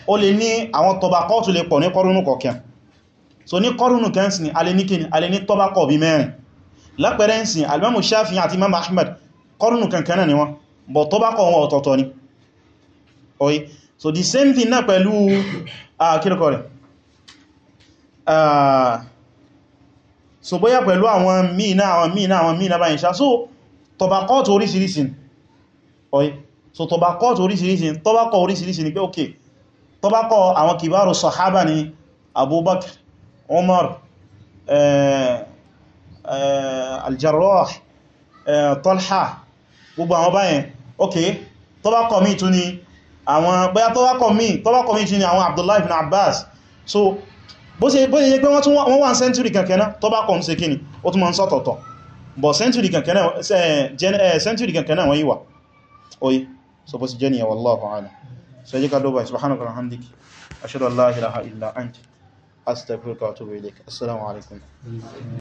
A: ó lè ní àwọn tọ́bákọ̀ tó lè pọ̀ so ní kọrúnù kẹ́ǹsìn alẹ́ ní kíni alẹ́ ní tọ́bákọ̀ bí mẹ́rin lápẹẹrẹ ń sìn alimamu shafi àti imam ahmad kọrùnù kankan náà ni wọ́n bọ̀ tó bá kọ̀ wọn ọ̀tọ̀ọ̀tọ̀ ni oye so the same thing náà pẹ̀lú kílùkọ rẹ̀ so bóyá pẹ̀lú àwọn míì náà àwọn míì náà àwọn míì báyìí ṣá so tọbakọ́ọ̀tù oríṣìíríṣìí oye so tọbakọ́ọ̀tù oríṣìíríṣìí tọbakọ́ oríṣìíríṣìí ni okay tọbakọ́ àwọn kìbárù sọ̀hábà ni abubakar umar eh, eh, aljarrah eh, talha gbogbo àwọn báyẹn ok tó bá kọ̀ míì tún ni àwọn bóyá tó bá kọ̀ míì tó tún ni àwọn Abdullah ibn Abbas so bó ṣe bó ṣe jẹ́ pé wọ́n tún wọ́n wà ní century kankan náà tó bá kọ̀ ń ṣe kíni ó tún ma ń sọ́tọ̀tọ̀ but century kankan wọ́n yíwà oye so bó ṣe jẹ́ niyà wallahu a'lam so jẹ́ ká dóba subhanaka wa hamdika ashhadu an la ilaha illa anta astaghfiruka wa